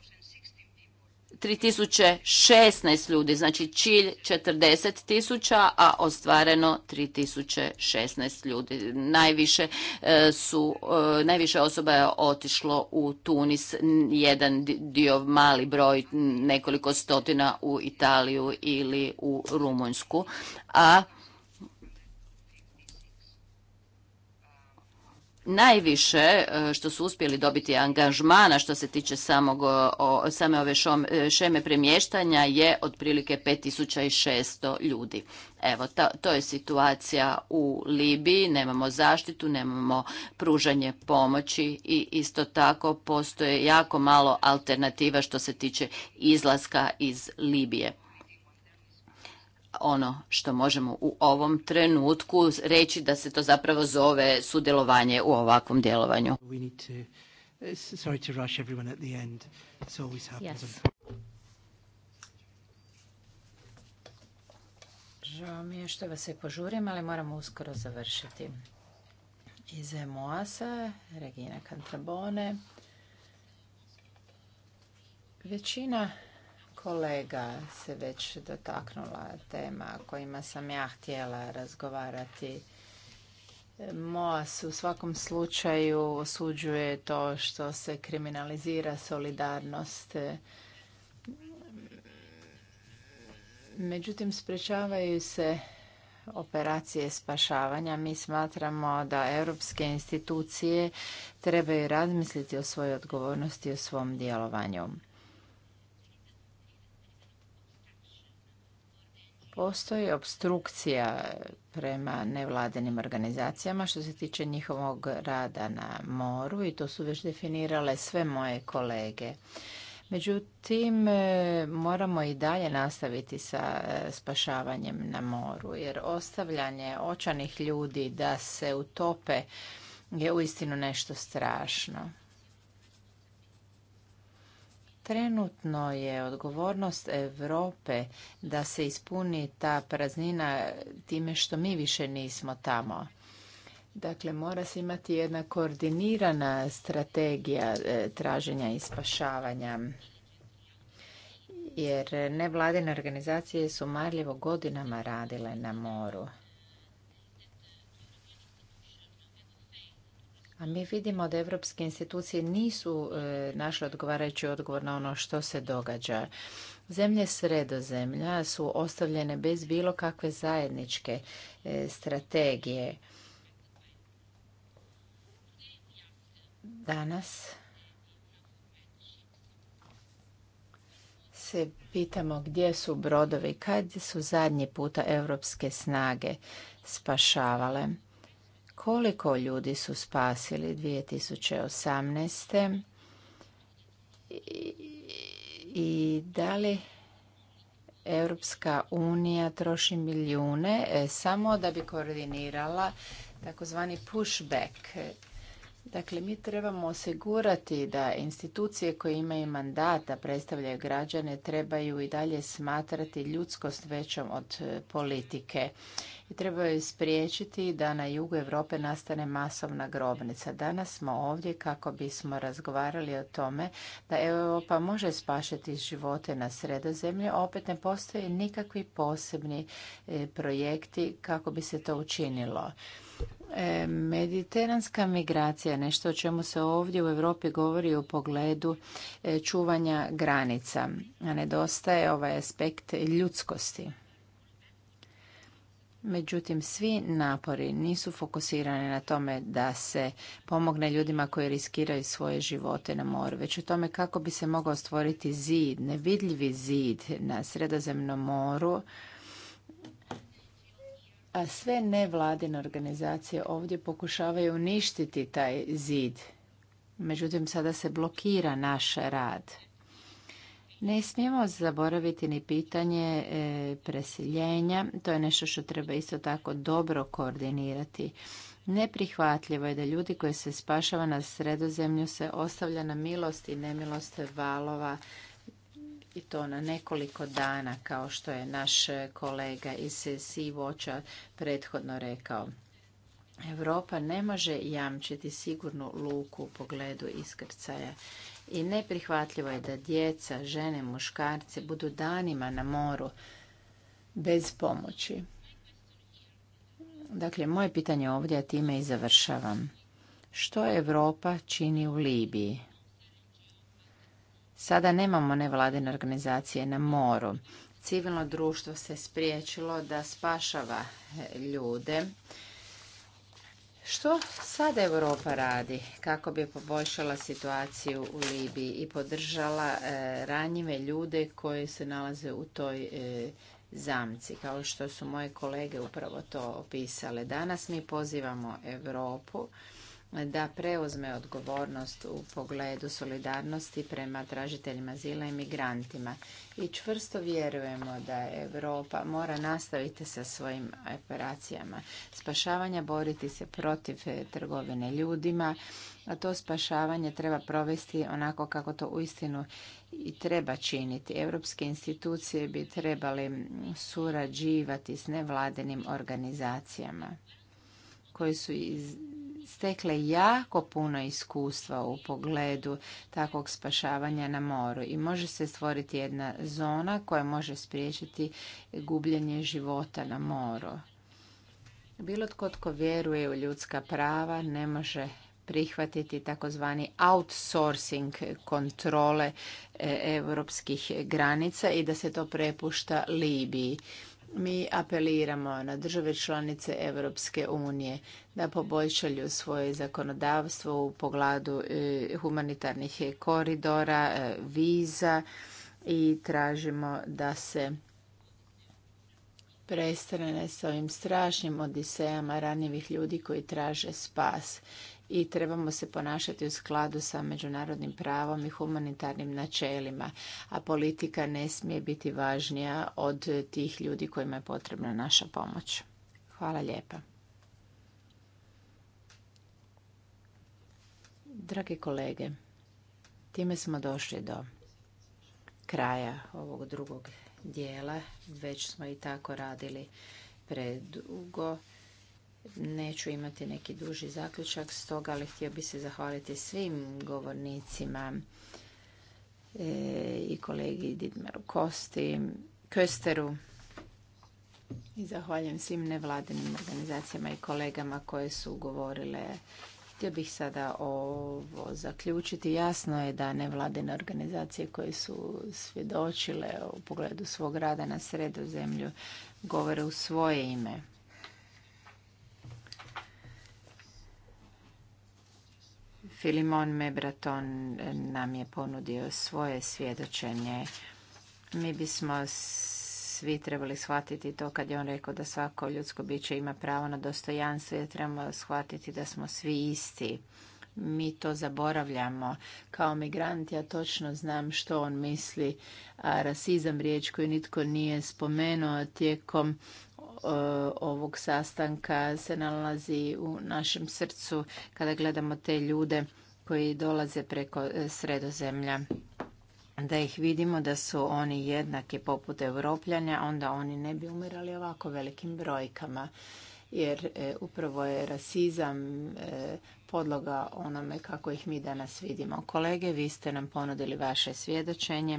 3016 ljudi, znači čilj 40 tisuća, a ostvareno 3016 ljudi. Najviše, e, su, e, najviše osoba je otišlo u Tunis, jedan dio mali broj, nekoliko stotina u Italiju ili u Rumunjsku, a najviše e, što su uspjeli dobiti angažmana što se tiče samog, same ove šom, e, šeme premještanja je otprilike 5600 ljudi. Evo, to, to je situacija u Libiji, nemamo zaštitu, nemamo pružanje pomoći i isto tako postoje jako malo alternativa što se tiče izlaska iz Libije ono što možemo u ovom trenutku reći da se to zapravo zove sudjelovanje u ovakvom djelovanju. Žao mi je što vas se požurim, ali moramo uskoro završiti. Iz Moasa, Regina Cantabone. Većina kolega se već dotaknula tema kojima sam ja htjela razgovarati. Moas u svakom slučaju osuđuje to što se kriminalizira solidarnost. Međutim, sprečavaju se operacije spašavanja. Mi smatramo da europske institucije trebaju razmisliti o svojoj odgovornosti i o svom djelovanju. Postoji obstrukcija prema nevladinim organizacijama što se tiče njihovog rada na moru i to su već definirale sve moje kolege. Međutim, e, moramo i dalje nastaviti sa e, spašavanjem na moru jer ostavljanje očanih ljudi da se utope je uistinu nešto strašno. Trenutno je odgovornost Europe da se ispuni ta praznina time što mi više nismo tamo. Dakle, mora se imati jedna koordinirana strategija e, traženja i spašavanja. Jer nevladine organizacije su marljivo godinama radile na moru. A mi vidimo da evropske institucije nisu e, našle odgovarajući odgovor na ono što se događa. Zemlje sredozemlja su ostavljene bez bilo kakve zajedničke e, strategije. Danas se pitamo gdje su brodovi, kad su zadnji puta evropske snage spašavale koliko ljudi su spasili 2018. I, i da li Europska unija troši milijune e, samo da bi koordinirala takozvani pushback. Dakle, mi trebamo osigurati da institucije koje imaju mandat da predstavljaju građane trebaju i dalje smatrati ljudskost većom od e, politike treba je spriječiti da na jugu Europe nastane masovna grobnica. Danas smo ovdje kako bismo razgovarali o tome da Europa može spašiti živote na sredozemlju, opet ne postoje nikakvi posebni e, projekti kako bi se to učinilo. E, mediteranska migracija nešto o čemu se ovdje u Europi govori u pogledu e, čuvanja granica. a Nedostaje ovaj aspekt ljudskosti. Međutim, svi napori nisu fokusirani na tome da se pomogne ljudima koji riskiraju svoje živote na moru, već u tome kako bi se mogao stvoriti zid, nevidljivi zid na Sredozemnom moru, a sve nevladine organizacije ovdje pokušavaju uništiti taj zid. Međutim, sada se blokira naš rad. Ne smijemo zaboraviti ni pitanje e, preseljenja. To je nešto što treba isto tako dobro koordinirati. Neprihvatljivo je da ljudi koji se spašava na sredozemlju se ostavlja na milost i nemilost valova i to na nekoliko dana, kao što je naš kolega iz Si Watcha prethodno rekao. Europa ne može jamčiti sigurnu luku u pogledu iskrcaja i neprihvatljivo je da djeca, žene, muškarce budu danima na moru bez pomoći. Dakle, moje pitanje ovdje, a time i završavam. Što Europa čini u Libiji? Sada nemamo nevladine organizacije na moru. Civilno društvo se spriječilo da spašava ljude što sad Europa radi kako bi poboljšala situaciju u Libiji i podržala e, ranjive ljude koji se nalaze u toj e, zamci, kao što su moje kolege upravo to opisale. Danas mi pozivamo Europu da preuzme odgovornost u pogledu solidarnosti prema tražiteljima azila i migrantima. I čvrsto vjerujemo da Europa mora nastaviti sa svojim operacijama spašavanja, boriti se protiv trgovine ljudima, a to spašavanje treba provesti onako kako to uistinu i treba činiti. Europske institucije bi trebali surađivati s nevladenim organizacijama koji su iz stekle jako puno iskustva u pogledu takvog spašavanja na moru i može se stvoriti jedna zona koja može spriječiti gubljenje života na moru. Bilo tko tko vjeruje u ljudska prava ne može prihvatiti takozvani outsourcing kontrole europskih granica i da se to prepušta Libiji mi apeliramo na države članice Europske unije da poboljšaju svoje zakonodavstvo u pogledu e, humanitarnih koridora, e, viza i tražimo da se prestane s ovim strašnim odisejama ranjivih ljudi koji traže spas i trebamo se ponašati u skladu sa međunarodnim pravom i humanitarnim načelima, a politika ne smije biti važnija od tih ljudi kojima je potrebna naša pomoć. Hvala lijepa. Drage kolege, time smo došli do kraja ovog drugog dijela. Već smo i tako radili predugo. Neću imati neki duži zaključak stoga, ali htio bi se zahvaliti svim govornicima e, i kolegi Didmeru Kosti, Kösteru i zahvaljujem svim nevladinim organizacijama i kolegama koje su govorile. Htio bih sada ovo zaključiti. Jasno je da nevladine organizacije koje su svjedočile u pogledu svog rada na sredozemlju govore u svoje ime. Filimon Mebraton nam je ponudio svoje svjedočenje. Mi bismo svi trebali shvatiti to kad je on rekao da svako ljudsko biće ima pravo na dostojanstvo i trebamo shvatiti da smo svi isti. Mi to zaboravljamo. Kao migrant ja točno znam što on misli. A rasizam riječ koju nitko nije spomenuo tijekom E, ovog sastanka se nalazi u našem srcu kada gledamo te ljude koji dolaze preko e, sredozemlja da ih vidimo da su oni jednaki poput Europljanja, onda oni ne bi umirali ovako velikim brojkama. Jer e, upravo je rasizam, podloga onome kako ih mi danas vidimo. Kolege, vi ste nam ponudili vaše svjedočenje.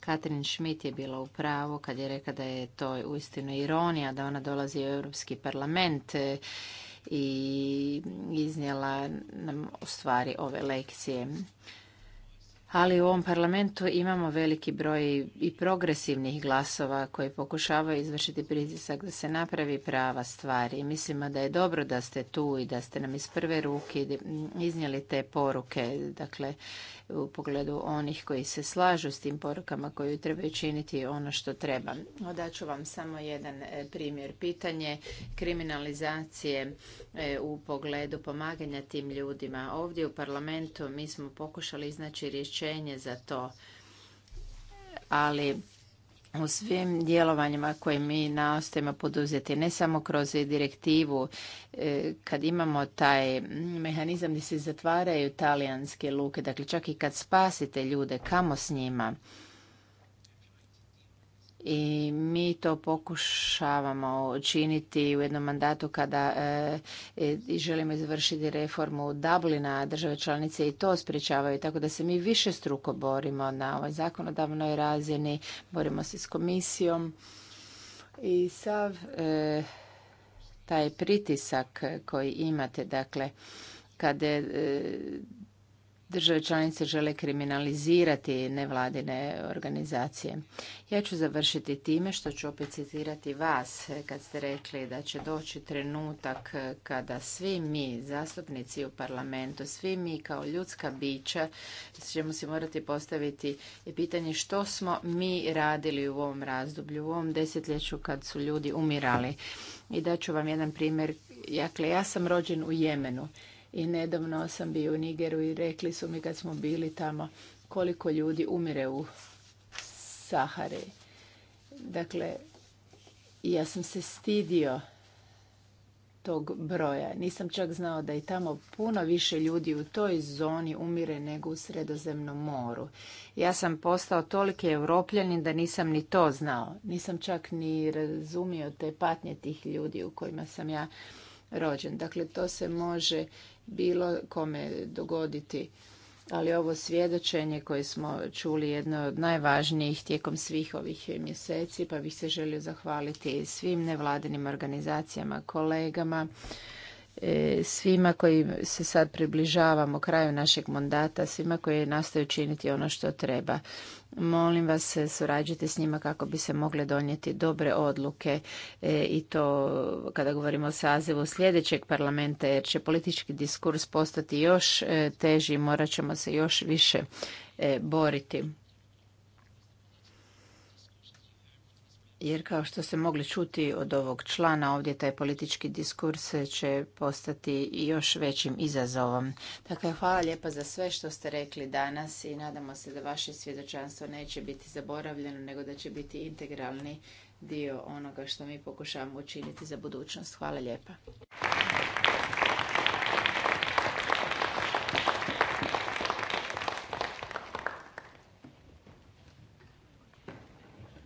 Katrin Schmidt je bila u pravu kad je rekla da je to uistinu ironija da ona dolazi u Europski parlament e, i iznijela nam u stvari ove lekcije ali u ovom parlamentu imamo veliki broj i progresivnih glasova koji pokušavaju izvršiti pritisak da se napravi prava stvar i mislimo da je dobro da ste tu i da ste nam iz prve ruke iznijeli te poruke. Dakle, u pogledu onih koji se slažu s tim porukama koju trebaju činiti ono što treba. Odaću vam samo jedan e, primjer. Pitanje kriminalizacije e, u pogledu pomaganja tim ljudima. Ovdje u parlamentu mi smo pokušali iznaći rješenje za to, ali u svim djelovanjima koje mi nastojimo poduzeti, ne samo kroz direktivu, e, kad imamo taj mehanizam gdje se zatvaraju talijanske luke, dakle čak i kad spasite ljude, kamo s njima? i mi to pokušavamo činiti u jednom mandatu kada e, želimo izvršiti reformu Dublina, države članice i to sprječavaju, tako da se mi više struko borimo na ovoj zakonodavnoj razini, borimo se s komisijom i sav e, taj pritisak koji imate, dakle, kada e, države članice žele kriminalizirati nevladine organizacije. Ja ću završiti time što ću opet citirati vas kad ste rekli da će doći trenutak kada svi mi, zastupnici u parlamentu, svi mi kao ljudska bića ćemo si morati postaviti pitanje što smo mi radili u ovom razdoblju, u ovom desetljeću kad su ljudi umirali. I daću vam jedan primjer. Dakle, ja sam rođen u Jemenu i nedavno sam bio u Nigeru i rekli su mi kad smo bili tamo koliko ljudi umire u Sahari. Dakle, ja sam se stidio tog broja. Nisam čak znao da i tamo puno više ljudi u toj zoni umire nego u Sredozemnom moru. Ja sam postao toliki evropljanin da nisam ni to znao. Nisam čak ni razumio te patnje tih ljudi u kojima sam ja rođen. Dakle, to se može bilo kome dogoditi. Ali ovo svjedočenje koje smo čuli jedno od najvažnijih tijekom svih ovih mjeseci, pa bih se želio zahvaliti svim nevladinim organizacijama, kolegama, e, svima koji se sad približavamo kraju našeg mandata, svima koji nastaju činiti ono što treba. Molim vas, e, surađujte s njima kako bi se mogle donijeti dobre odluke e, i to kada govorimo o sazivu sljedećeg parlamenta, jer će politički diskurs postati još e, teži i morat ćemo se još više boriti. jer kao što ste mogli čuti od ovog člana ovdje taj politički diskurs će postati još većim izazovom. Dakle, hvala lijepa za sve što ste rekli danas i nadamo se da vaše svjedočanstvo neće biti zaboravljeno, nego da će biti integralni dio onoga što mi pokušavamo učiniti za budućnost. Hvala lijepa.